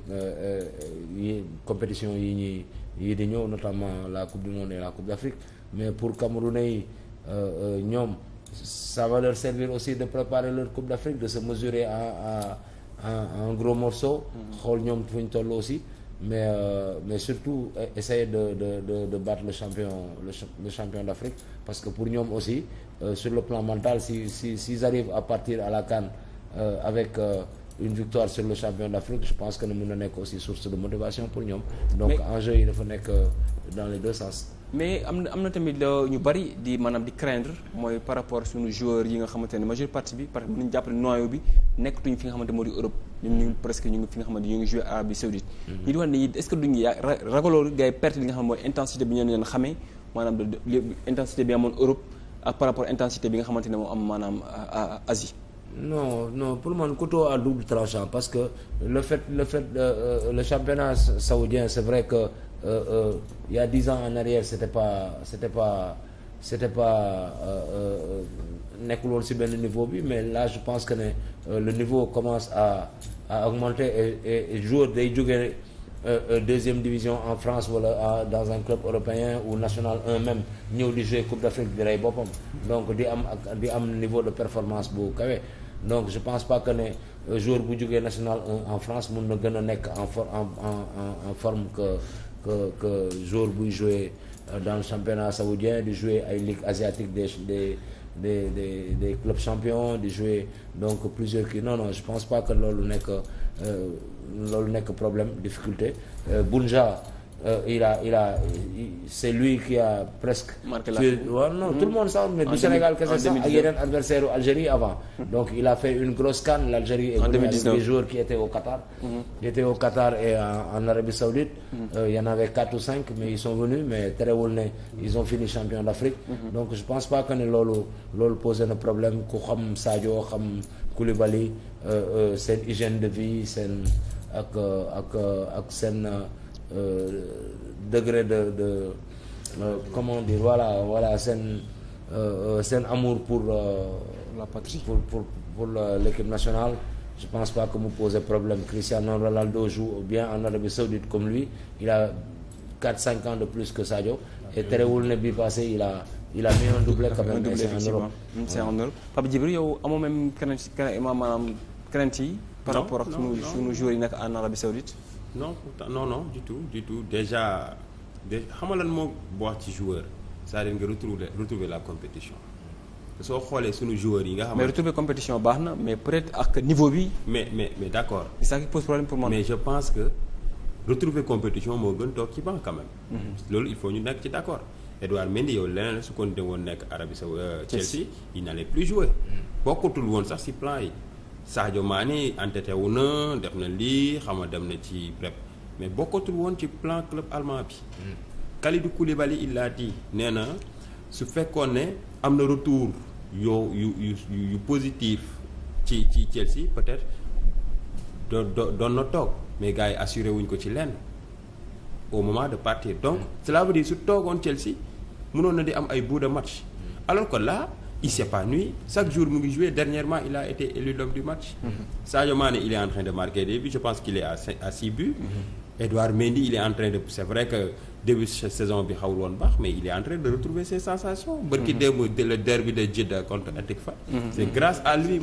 yi compétition yi ñuy yi di ñëw notamment la Coupe du Monde et la Coupe d'Afrique mais pour Camerounais yi ñoom ça va leur servir aussi de préparer leur Coupe d'Afrique de se mesurer à en gros morceau. xool ñoom fu ñu toll aussi mais euh, mais surtout e-, essayer de de de de battre le champion le, le champion d'Afrique parce que pour ñoom aussi euh, sur le plan mental si si s'ils arrivent à partir à la CAN euh, avec euh, une victoire sur le champion d'Afrique je pense que ne mën na aussi source de motivation pour ñoom donc enjeu yi dafa nekk euh, dans les deux sens mais am na am na tamit la ñu bari di maanaam di craindre mooy par rapport suñu joueurs yi nga xamante ne majeure partie bi parce que mën nañu jàpp ne noyau bi nekkatuñ fi nga xamante moo di Europe ñoom ñu ngi presque ñu ngi ne mm-hmm. est ce am maanaam Asie non non parce que le fait le fait euh, euh le championnat saoudien c'est vrai que Euh, euh, il y dix ans en arrière c'était pas c'était pas c'était pas euh, nekkul woon ci benn niveau bi mais là je pense que ne le niveau commence à à augmenter et et jour day jógee deuxième division en France wala dans un club européen ou national un même ñëw di jouer Coupe d'Afrique di rey boppam donc di am ak di am niveau de performance bu kawee donc je pense pas que ne joueur bu jógee national en France mun na gën a nekk en en en en forme que que que joueur buy jouer euh, dans le championnat saoudien di jouer ay ligue asiatique des des des des des clubs champions di jouer donc plusieurs kii non non je pense pas que loolu nekk euh, loolu nekk problème difficulté euh, Bounja Euh, il a il a c'est lui qui a presque. marqué la waaw non mmh. tout le monde sax mais du Sénégal kese sax ak yeneen adversaire Algérie avant. donc il a fait une grosse CAN l'Algérie est mhm. au Qatar. et en, Arabie Saoudite. Mhm. Euh, il y en quatre ou cinq mais ils sont venus mais terewul ne ils ont fini champion d'Afrique. Mhm. donc je pense pas que ne loolu loolu posé na problème ku xam Sadio xam Koulibaly euh, euh, seen hygiène de vie seen ak ak ak seen. Euh, degré de de euh, comment dire voilà voilà seen euh, seen amour pour. la patrie pour pour pour l'équipe nationale. je pense pas que mu pose problème Cristiano Ronaldo joue bien en Arabie Saoudite comme lui il a quatre cinq ans de plus que Sadio. et terewul ne bii passé il a il a un doublé quand même. par rapport ak sunu sunu joueurs yi en Arabie Saoudite. non pourtant non non du tout du tout déjà de xamal lan moo boo ci joueur c'est-à-dire nga retrouver retrouver la compétition soo xoolee suñu joueurs yi nga xam mais retrouver compétition baax na mais peut-être ak niveau bi. mais mais mais d'accord. c'est ça mais je pense que retrouver compétition moo gën toog ci banc quand même. Mm-hmm. loolu il faut ñu nekk ci d'accord. Edouard Mendy yow leneen su ko woon nekk Arabie Saoudite euh, Chelsea il n'allait plus jouer. Mm-hmm. bokkutul woon sax si plan yi. Sadio Mané entêté wu na def na lii xam nga dem na ci prep mais bokkatul woon ci plan club allemand bi. Hmm. Kalidou Koulibaly il a nee na su fekkoon ne am na retour yoo yu yu yu positif ci ci Chelsea peut-être do doon na toog mais gars yi assuré wuñ ko ci lenn au moment de partir donc hmm. cela veut su toogoon Chelsea mënoon na di am ay bout de match hmm. alors que là. il s'épanouit chaque jour mu ngi joué dernièrement il a été élu l'homme du match mm-hmm. Sadio Mané il est en de marquer des buts je pense qu'il est à à six buts mm-hmm. Edouard il est en de c'est vrai que début saison bi xawul woon baax mais il est en train de retrouver ses sensations bërki mm-hmm. démb le derby de Jeddah contre Hatikva c'est grâce à lui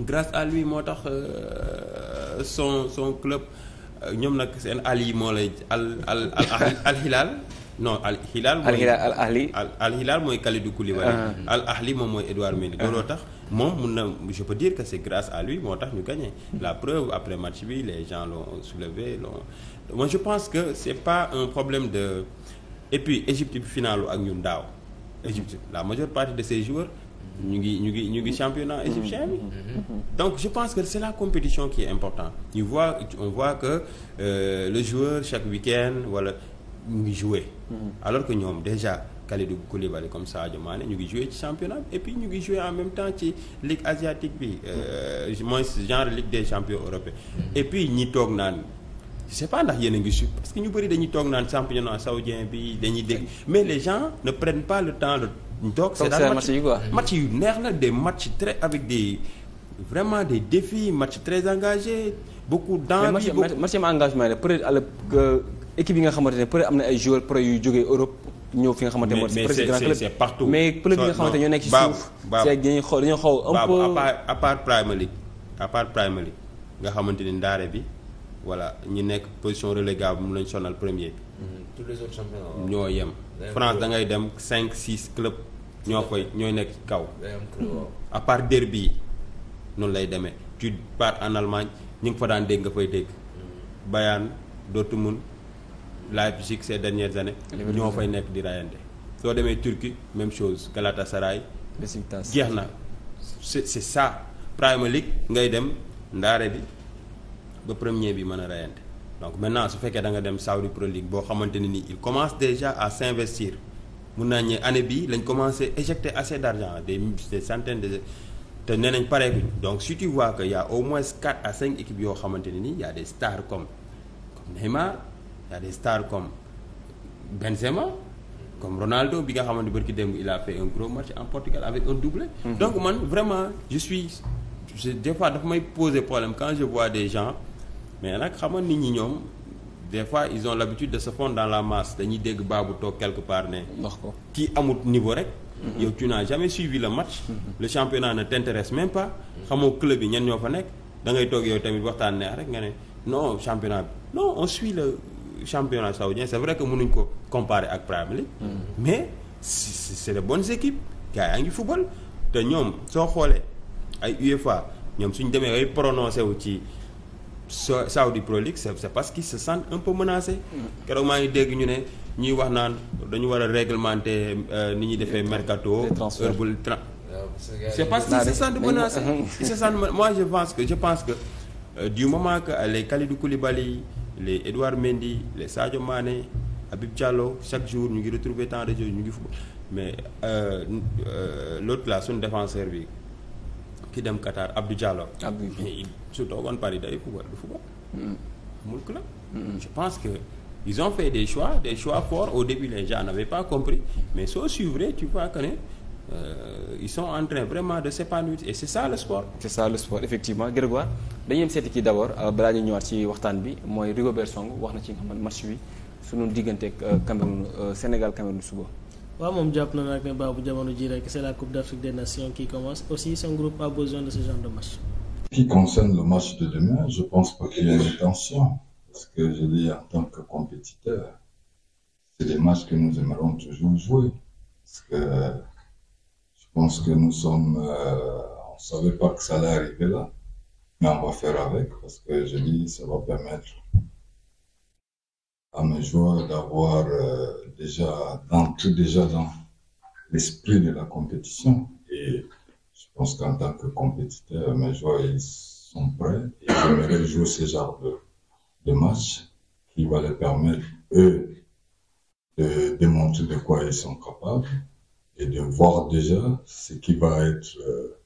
grâce à lui moo tax euh, son son club euh, ñoom nag seen al yi moo lay al al al al Hilal non al Hilal. mooy al Ahli al Hilal mooy Kalidou Koulibaly. Ah. al Ahli moom mooy Edouard Mendy. Ah. looloo tax moom mun na je peux dire que c' grâce à lui moo tax ñu gagné. la preuve après match bi les gens l'ont soulevé l'ont moi je pense que c' est pas un problème de et puis Égypte bi finaalu ak ñun daaw. Égypte la majeure partie de ces joueurs. ñu ngi ñu ngi ñu ngi championnat égyptien bi donc je pense que c'est la compétition qui est importante ñu voit on voit que euh, le joueur chaque week-end wala mu ngi jouer hmm. alors que ñoom déjà Kalidou Koulibaly comme Sadio Mané ñu ngi jouer ci championnat et ñu ngi jouer même temps ci ligue bi euh, moins genre des champions européens hmm. et puis ñi toog naan je sais pas ndax yéen a ngi su parce que ñu bëri dañuy toog naan championnat saoudien bi dañuy dégg mais les gens ne prennent pas le temps de toog seetaan match yi quoi match yu neex na des matchs très avec des vraiment des défis matchs très engagés beaucoup d'envie beaucoup... match engagement la peut-être euh, équipe yi nga xamante ne peut-être am na ay joueurs pro yu jógee Europe ñëw fi nga xamante ne mooy président club partout mais club yi nga xamante ñoo nekk ci suuf c'est dañuy xaw dañoo xaw un à part à part nga xamante ne ndaare bi voilà ñi nekk position relégable mu lañ sonal premier bi mm-hmm. tous les oh. ñoo yem France da ngay dem cinq six club ñoo koy ñooy nekk ci kaw oh. à part derby yi noonu lay deme tu pars en Allemagne ñu ngi fa daan dégg nga fay dégg mm-hmm. Bayern Dortmund Leipzig ces dernières années. ñoo fay nekk di rayante. soo demee Turquie même chose Galatasaray. Besiktas jeex na c'est c'est ça. Premier League ngay dem ndaare bi ba premier bi mën a rayante donc maintenant su fekkee da nga dem Saudi Pro League boo xamante ne ni il commence déjà à vestir mun naa ñëw année bi lañ commencé éjecter assez d'argent des des centaines de. te nee nañ pareekuñ donc si tu vois que y au moins quatre à cinq équipes yoo xamante ne ni y a des stars comme y a des comme Benzema comme Ronaldo bi nga xamante barki démb il a fait un gros match en Portugal avec un doublé mhm. donc man vraiment je suis je, des dafa may poser problème quand je vois des gens mais nag xam nga nit ñi ñoom des fois ils ont l'habitude de se fondre dans la masse dañuy dégg baabu toog quelque part ne ki amut niveau rek mhm. yow tu n'as jamais suivi le match mm -hmm. le championnat ne t'intéresse même pas xamoo club yi ñan ñoo fa nekk da ngay toog tamit waxtaan rek nga ne non championnat bi championnat saoudien c'est vrai que mënuñ ko comparer ak Premier mm. mais c'est de bonnes équipes gars yaa ngi football te ñoom soo xoolee ay UEFA ñoom suñ demee ay prononcé wu ci Saudi Pro League c'est parce qu'ils se sentent un peu menacés mm. keroog maa ngi dégg ñu ne ñuy wax naan dañu war a réglementer euh, ni ñuy defee mercato heure bu tra c'est parce qu'ils se sentent menacés ils se sentent moi je pense que je pense que euh, du moment que euh, les Kalidou Koulibaly le Edouard Mendy les Sadio Mané Habib Diallo chaque jour ñu ngi retrouver temps de ñu ngi football mais euh, euh, l'autre là suñu défenseur bi ki dem Qatar Abdou Diallo. Abdou Diallo su toogoon Paris day football du football. Hmm. amul club. Hmm. je pense que ils ont fait des choix des choix forts au début les gens n'avaient pas compris mais soo suivre tu vois ne. Euh, ils sont en train vraiment de s'épanouir et c'est ça le sport. c'est ça le sport effectivement Grégoire dañuy dem seeti kii d'abord euh, balaa ñuy ñëwaat ci waxtaan bi mooy Rigobert Song wax na ci nga xam match bi sunu diggante euh, Cameroun Sénégal Cameroun suba. waaw moom jàpp na nag ne baabu jamono ji rek c'est la Coupe d'Afrique des Nations qui commence aussi son groupe a besoin de ce genre de match. qui concerne le match de demain je pense pas qu'il y a une tension parce que je dis en tant que compétiteur pense que nous sommes. Euh, on ne savait pas que ça allait arriver là, mais on va faire avec parce que je dis, ça va permettre à mes joueurs d'avoir euh, déjà, d'entrer déjà dans l'esprit de la compétition. Et je pense qu'en tant que compétiteur, mes joueurs, ils sont prêts et j'aimerais jouer ce genre de, de match qui va leur permettre, eux, de démontrer de quoi ils sont capables et de voir déjà ce qui va être, euh,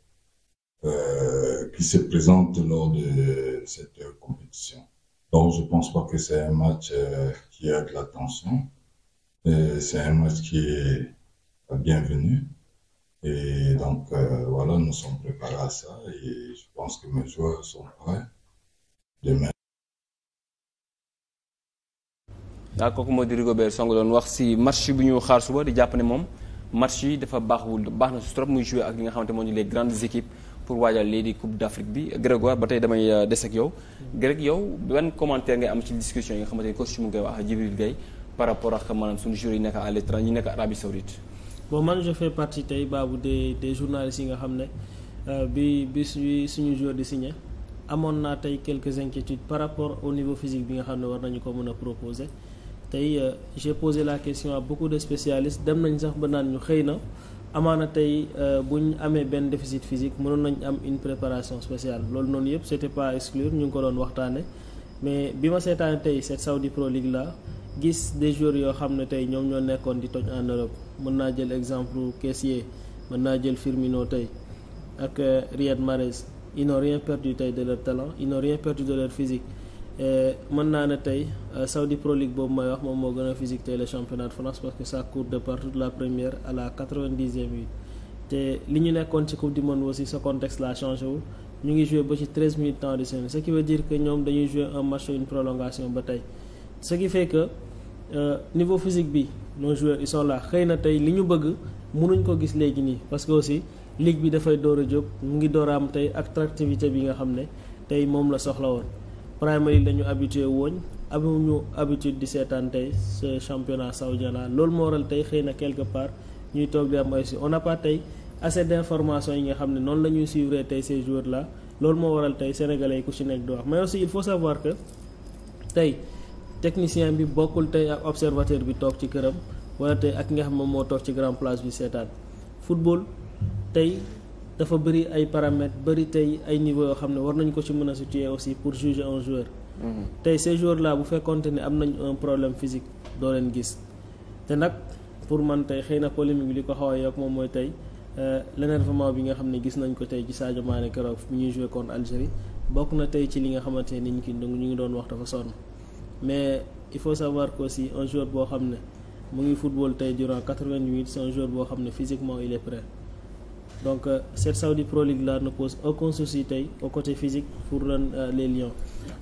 euh, qui se présente lors de cette compétition. Donc, je pense pas que c'est un match euh, qui a de la euh, C'est un match qui est bienvenu. Et donc, euh, voilà, nous sommes préparés à ça et je pense que mes joueurs sont prêts demain. suba di jàpp ne moom match yi dafa baaxul baax na su trop muy jouer ak li nga xamante moo ñu les grandes équipes pour waajal lii di coupe d' bi Grégoire ba tey damay euh, des ak yow. Grég yow ban commentaire ngay am ci discussion yi nga xamante ni coach mu ngay wax ak Djibril Gaye par rapport ak maanaam suñu joueurs yi nekk à l'étranger ñi nekk Arabie Saoudite. bon man je fais partie tey baabu des des journalistes nga xam ne euh, bi bi suñu suñu joueur di signé amoon naa tey quelques inquiétudes par rapport au niveau physique bi nga xa ne war nañu ko mën a proposer. tey euh, je posé la question à beaucoup de spécialistes dem nañ sax ba naan ñu xëy na amaana tey euh, bu ñu amee benn déficit physique mënoon nañ am une préparation spéciale loolu noonu yëpp c'était pas à ñu ngi ko doon waxtaane mais bi ma seetaane tey cette Saudi Pro League là gis des joueurs yoo xam ne tey ñoom ñoo nekkoon di toj en Europe mën naa jël exemple Kessié mën naa jël Firmino tey ak euh, Riyad Mahrez ils n'ont perdu tey de leur talent ils n'ont rien perdu de leur Eh, mën naa ne tey eh, Saudi Pro League boobu may wax moom moo gën a physique tey le championnat de France parce que ça court de partout de la première à la quatre-vingt-dixième minute te li ñu nekkoon ci coupe du monde aussi sa contexte là changé ñu ngi joué ba ci treize minutes temps additionnel ce qui veut dire que ñoom dañuy joué un match une prolongation ba tey ce qui fait que euh, niveau physique bi nos joueurs ils sont xëy na tey li ñu bëgg mënuñ ko gis léegi nii parce que aussi ligue bi dafay door jóg mu ngi door a am tey attractivité bi nga xam ne tey moom la soxla woon Premier League dañu habitué woon amuñu habitude di seetaan tey ce championnat saoudien loolu moo waral tey xëy na quelque part ñuy toog di am ay si on n'a pas tey assez d'informations yi nga xam ne noonu la ñuy suivre tey ces la loolu moo waral tey sénégalais yi ku ci nekk di wax mais aussi il faut savoir que tey technicien bi bokkul tey ak observateur bi toog ci këram wala tey ak nga xam moom moo toog ci grand place bi seetaan football tey. dafa bëri ay paramètres bëri tey ay niveau yoo xam ne war nañ ko ci mën a situer aussi pour juger un joueur mhm. tey ces joueurs là bu fekkonte ne am nañ un problème physique doo leen gis te nag pour man tey xëy na polémique bi li ko xaw a yokk moom mooy tey euh, l'énervement bi nga xam ne gis nañ ko tey ci Sadio Mané keroog bu ñuy joué contre Algérie bokk na tey ci li nga xamante ne nit ñi ñu ngi doon wax dafa sonn mais il faut savoir que aussi un joueur boo xam ne mu ngi football tey durant quatre-vingt minutes c'est boo xam ne physiquement il est prêt donc euh, cette Saudi Pro League là ne pose aucun souci tey au euh, les Lions.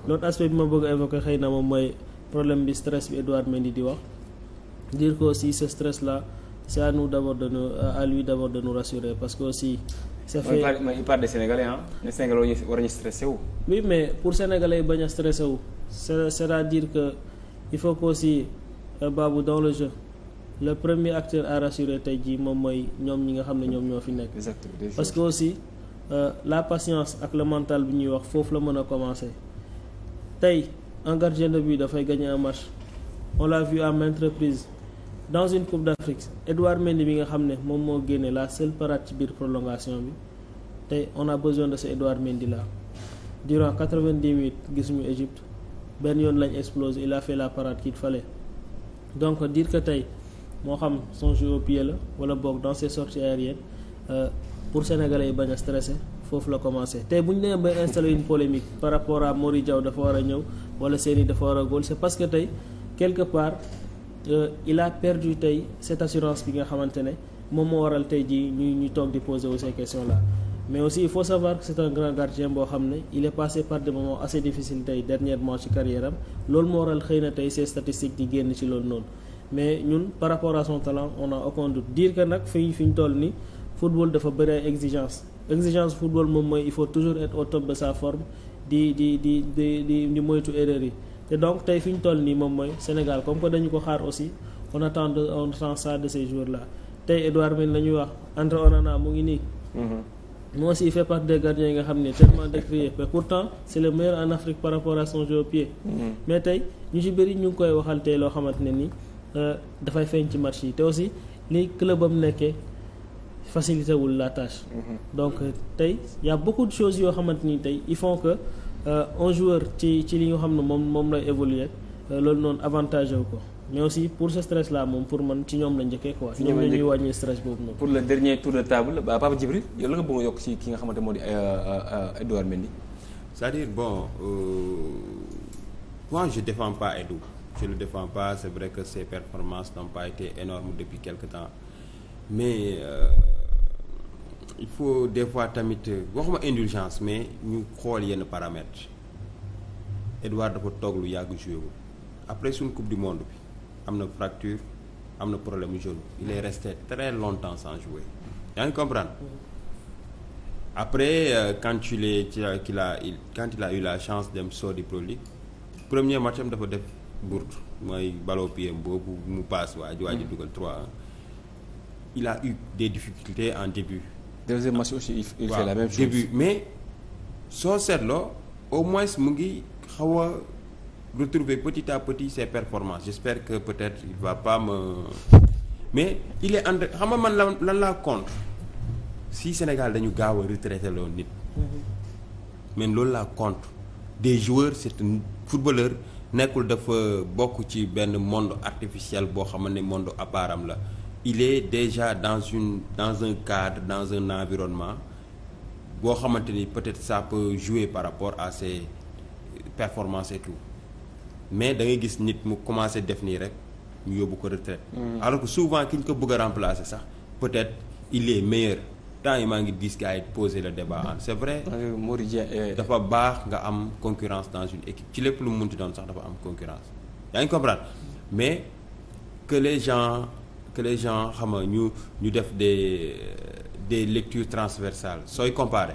l'autre bi ma bëgg a xëy na moom mooy problème bi stress bi Edouard Mendy di wax dire que si ce stress la c'est à nous d'abord de nous euh, à lui parce que aussi. ça fait mais il parle des Sénégalais ah. les Sénégalais war nañu stressé wu. mais pour Sénégalais yi bañ a stressé wu c'est cest à que il faut que aussi euh, Babou dans le jeu. le premier acteur à rassurer tey jii moom mooy ñoom ñi nga xam ne ñoom ñoo fi nekk. exactement parce que aussi euh, la patience ak le mentale bi ñuy wax foofu la mën a commencer tey un gardien de but dafay gagner un match on l'a vu à maintes reprises dans une coupe d'Afrique Edouard Mendy bi nga xam ne moom moo génne la seule parade ci biir prolongation bi tey on a besoin de ce Edouard Mendy là durant quatre-vingt-dix minutes gisuñu Égypte benn yoon lañ explose il a fait la parade qu'il fallait donc dire que tey. moo xam son jeu au la wala boog dans ses sorties aériennes euh, pour sénégalais yi bañ a stressé foofu la commencé tey bu ñu nee bay installer une polémique par rapport à Mori Diaw dafa war a ñëw wala Seny dafa war a góol c'est parce que tey quelque part euh, il a perdu tey cette assurance bi nga xamante ne moom moo waral tey jii ñu ñu toog di poser wu ces questions là mais aussi il faut savoir que c'est grand gardien boo xam ne il est passé par des moments assez difficiles tey dernièrement ci carrière am moo waral xëy na tey ces statistiques di génn ci loolu noonu mais ñun par rapport son talent on a aucun doute dire nag fi fi ñu toll ni football dafa bëri ay exigence exigence football moom mooy il faut toujours être au top sa forme di di di di di di moytu erreur yi te donc tey fi ñu toll nii moom mooy Sénégal comme que dañu ko xaar aussi on attend on attend ça de ces la là tey Edouard Mendy la ñuy wax André Onana mu ngi nii. moi mm-hmm. aussi fait partie des gardiens yi nga xam ne tellement décrié mais pourtant c' est le meilleur en Afrique par rapport à son jeu au pied. Mm-hmm. mais ñu ci bëri ñu ngi koy waxal loo xamante ne nii. Euh, dafay feeñ ci match yi te aussi ni club am nekkee facilité wul la tâche. Mhm. donc euh, tey y' a beaucoup yoo xamante ni tey il faut que euh, un joueur ci ci li nga xam ne moom moom lay évoluer loolu noonu avantage wu ko mais aussi pour ce stress là moom pour man ci ñoom la njëkkee quoi. ñoom la ñuy wàññi stress boobu noonu. pour le dernier tour de table ba Papa Djibril yow la nga bëgg a yokk ci ki nga xamante moo di Edouard Mendy. c'est-à-dire bon euh, moi je ne le défends pas c'est vrai que ses performances n'ont pas été énormes depuis quelque temps mais euh, il faut des fois tamit waxuma indulgence mais ñu xool yenn paramètres Edouard dafa toog lu yàgg joué wu après suñ coupe du monde bi am na fracture am na problème mu genou il est resté très longtemps sans jouer yaa ngi comprendre après euh, quand il est qu'il a, eu la chance dem Saudi Pro League premier match dafa def. Bourde mooy ballon pied boobu mu passe waa ji waa ji mm. dugal il a eu des difficultés en début. deuxième match aussi il, il début mais soo seetloo au moins mu ngi xaw a retrouver petit à petit ses performances j'espère que peut-être il va pas me mais il est entre xam nga man lan lan laa contre si Sénégal dañu gaaw a retraité loolu nit. Mm-hmm. man loolu laa contre des joueurs c'est un footballeur. nekkul dafa bokk ci benn monde artificiel boo xam ne monde à part la il est déjà dans une dans un cadre dans un environnement boo xamante ni peut-être ça peut jouer par rapport à ses performances et tout mais da ngay gis nit mu commencé def nii rek ñu yóbbu ko retraite mm. alors que souvent ki ñu ko bëgg a remplacer sax peut-être il est meilleur temps yi maa ngi dis gars yi poser le débat en c'est vrai. Euh, dafa baax nga am concurrence dans une équipe ci lépp lu mu munti doon sax dafa am concurrence yaa ngi comprendre mais que les gens que les gens xam nga ñu ñu def des des lecture transversales sooy comparé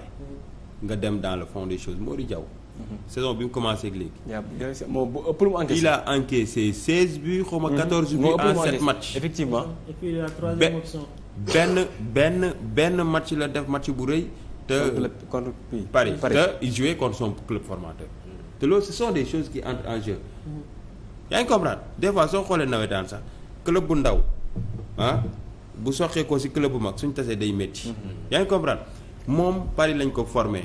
nga dem dans le fond de choses Mody Diaw. Mhm. saison bi mu commencé ak léegi. moo ëpp lu mu encaissé. il a encaissé 16 buts. xaw ma 14 mhm. buts en effectivement benn benn benn match la def match bu rëy. te contre Paris te joué contre son formateur. Mm. te loolu ce des choses qui entrent en jeu. yaa des fois soo xoolee nawetaan sax club bu ndaw ah bu soxee ko ci club bu mag suñ tasee day métti. Mm-hmm. yaa ngi comprendre moom Paris lañ ko formé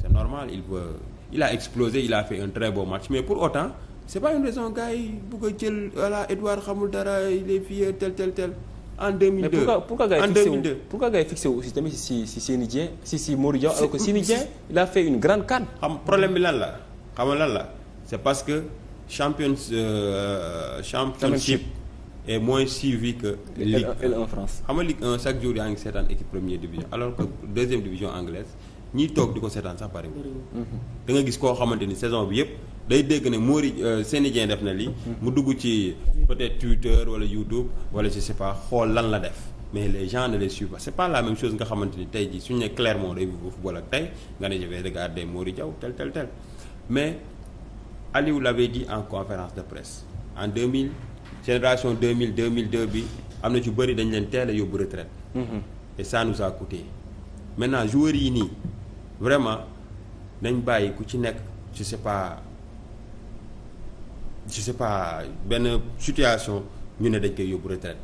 c'est normal il veut il a explosé il a fait un très match mais pour autant c'est pas une raison gars yi bu jël voilà Edouard xamul dara il est vieux tel tel tel. en 2002 mais pourquoi pourquoi gars yi fixé wu aussi tamit si si Seny Dieng si si Modou Diaw alors que Seny Dieng il a fait une grande CAN. xam problème bi lan la xam lan la c'est parce que champion euh, championship est moins suivi que e Ligue 1 L1 e France xam nga Ligue chaque jour yaa ngi seetaan équipe première division alors que deuxième division anglaise. ñiy toog di ko seetaan sax bariwul mhm. da nga gis koo xamante ni saison bi yëpp day dégg ne Mori euh, Seny Dieng def na li mhm. mu dugg ci peut-être Twitter wala YouTube wala je sais xool lan la def mais les gens ne les suivent pas c'est pas la même nga xamante ni tey jii suñu ne Clermont day football ak tey nga ne je vais regarder Mori Diaw tel tel tel mais Aliou l'avait dit en conférence de presse en 2000 génération 2000 2002 bi am na ci bëri dañ leen teel a yóbbu retraite mhm. et vraiment dañ bàyyi ku ci nekk je sais pas je sais pas benn situation ñu ne dañ koy yóbbu retraite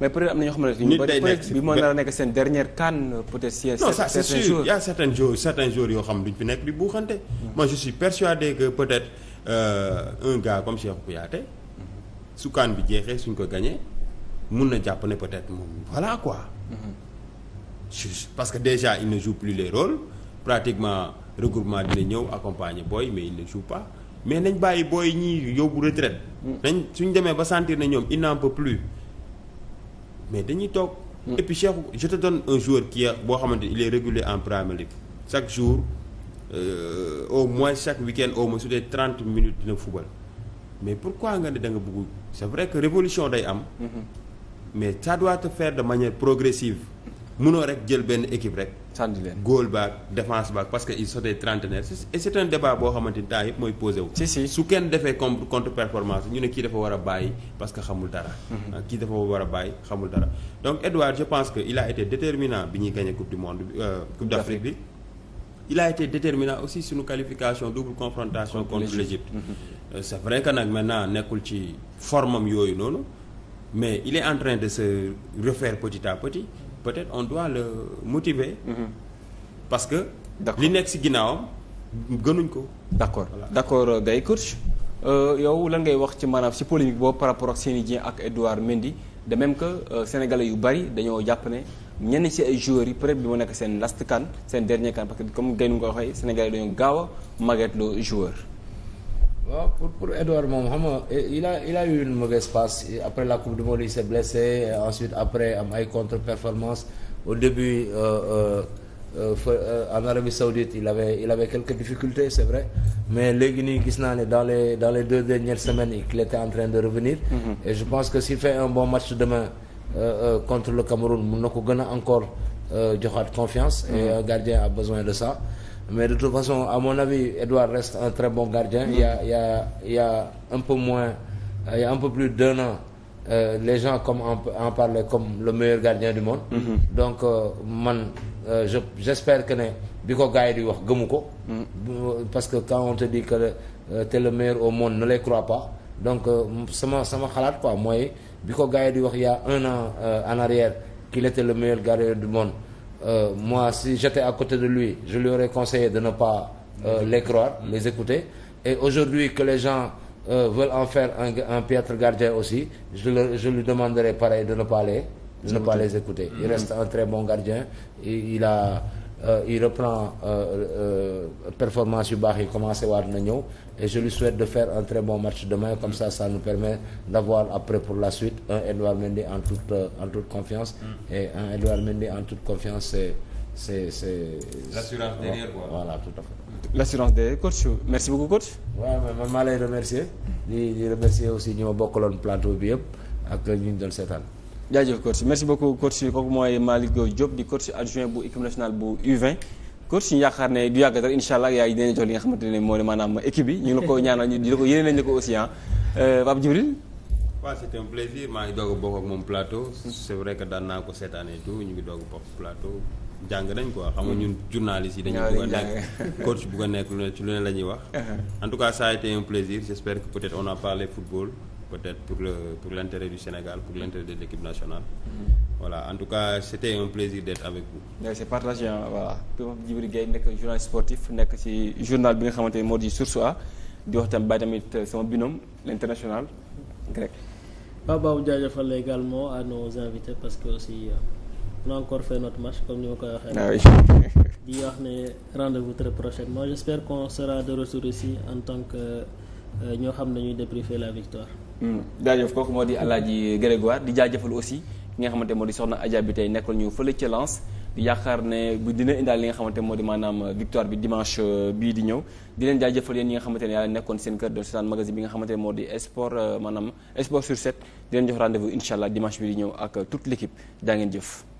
mais peut-être am na ñoo xamante ne nit day nekk bi moo na nekk seen dernière CAN peut-être si non ça c'est sûr il y a certains jours nekk di buuxante mm-hmm. moi je suis persuadé que peut-être euh, un gars comme Cheikhou Kouyaté mm-hmm. su CAN bi jeexee suñ ko gañee mun na jàpp ne peut-être moom voilà quoi mm parce que déjà il ne joue plus les role pratiquement regroupement dina ñëw accompagner booy mais il ne joue pas mais nañ bàyyi booy ñi yóbbu retraite mm. nañ suñ demee ba sentir na ñoom il n'en peut plus mais dañuy toog mm. et puis Cheikh je te donne un joueur qui boo xamante il est réguler en Premier League chaque jour euh, au moins chaque week-end au moins su dee trente minutes dina football mais pourquoi nga ne da nga bëgg c'est vrai que révolution day am mm-hmm. mais ça doit te faire de manière progressive mënoo rek jël benn équipe rek sànni leen góol baag défense baag parce que ils sont des trentenaires et c' est un débat boo xamante ni temps yëpp mooy posé su kenn defee contre contre performance ñu ne kii dafa war a bàyyi parce que xamul dara. Mm-hmm. kii dafa war a bàyyi xamul dara donc Edouard je pense que il a été déterminant bi ñuy gagné coupe du monde euh, coupe d' bi. il a été déterminant aussi suñu qualification double confrontation contre l'Égypte mmh. vrai que nag naa nekkul ci formam yooyu noonu mais il est en de se refaire petit à petit peut-être on doit le mhm. parce que. li nekk ci ginnaawam gënuñ ko. d'accord voilà. d'accord euh, Gaye Kourch euh, yow lan ngay wax ci maanaam ci polémique boobu par rapport ak Seny Dieng ak Edouard Mendy de même que euh, sénégale yu bari dañoo jàpp ne ñenn ci ay joueurs yi peut-être bi mu nekk seen last kan seen dernier CAN parce que comme Gaye nga ko waxee sénégalais dañoo gaaw a màgget le joueur. waaw pour pour Edouard moom xam nga eh, il a il eu une mauvaise passe après la coupe du monde il s'est blessé ensuite après am ay contre-performance au début euh, euh, euh, euh, en Arabie Saoudite il avait il avait quelques difficultés c'est vrai mais léegi nii gis naa ne dans les dans les deux dernières semaines il était en train de revenir mm-hmm. et je pense que s'il fait un bon match demain euh, euh, contre le Cameroun mun na ko gën a encore joxaat confiance et mm-hmm. un gardien a besoin de ça mais de toute façon à mon avis Edouard reste un très bon gardien. il y a un peu moins un peu plus d'un an euh, les gens comme en, en comme le meilleur gardien du monde. Mm-hmm. donc euh, man euh, je j'espère que ne bi ko gars di wax gëmu ko. Mm. Euh, parce que quand on te dit que t'es le meilleur au monde ne les crois pas donc sama sama xalaat quoi mooy bi ko gars di wax ya y a un an en arrière qu'il était le meilleur gardien du monde. euh, moi si j'étais à côté de lui je lui aurais conseillé de ne pas euh, mm-hmm. les croire mm-hmm. les écouter et aujourd'hui que les gens euh, veulent en faire un, un piètre gardien aussi je, le, je lui demanderai pareil de ne pas les de ne pas les écouter il mm-hmm. reste un très bon gardien et il a Euh, il reprend euh, euh, performance yu baax yi commencé waat na ñëw et je lui souhaite de faire un très bon match demain comme ça ça nous permet d'avoir après pour la suite un Edouard Mendy en toute en toute confiance mm. et un Edouard Mendy en toute confiance c'est c'est c'est l'assurance derrière quoi voilà tout à fait l'assurance derrière coach merci beaucoup coach waaw man remercier di di remercier aussi ñi ma bokkaloon plateau bi yëpp ak ñu doon seetaan jaajëf coach merci beaucoup coach kooku mooy Malick Diop di coach adjoint bu équipe nationale bu U20 coach yaakaar ne du yàgg dara incha allah yaay dinañ jox li nga xamante ne moo ne maanaam équipe bi ñu ngi la ko ñaanal ñu di ko yéene nañ ko aussi ah euh, Pape Djibril waaw un plaisir maa ngi doog a bokk ak moom plateau c'est vrai daan naa ko cette année tout ñu ngi doog bokk plateau jàng nañ quoi xam nga ñun yi dañu bëgg a nekk coach nekk lu ne ci lu ne wax uh-huh. en a été peut-être pour le pour l'intérêt du Sénégal pour l'intérêt de l'équipe nationale mm-hmm. voilà en tout cas c'était un plaisir d'être avec vous c'est partagé voilà Djibril Gaye nekk journaliste sportif nekk ci journal bi nga xamante ni moo di Source A di wax tam bàyyi tamit sama binôme ba grec waaw baabu jaajëfal également à nos invités parce que aussi euh, on a encore fait notre match comme ni ma koy waxee ah di wax ne rendez-vous très prochainement j'espère qu'on en tant que euh, ñoo xam ne ñuy débriefer la victoire Hmm. jaajëf kooku moo di Alaaji Grégoire di jaajëfal aussi ki nga xamante moo di soxna Adja bi tey nekkal ñu fële ca Lens yaakaar ne bu dina indaal li nga xamante moo di maanaam victoire bi dimanche euh, bii di ñëw di leen jaajëfal yéen ñi nga xamante ne yàlla nekkoon seen kër doon seetaan magazine bi nga xamante moo di sport euh, maanaam sport sur 7 di leen jox rendez-vous incha allah dimanche bii di ñëw ak toute l'équipe daa ngeen jëf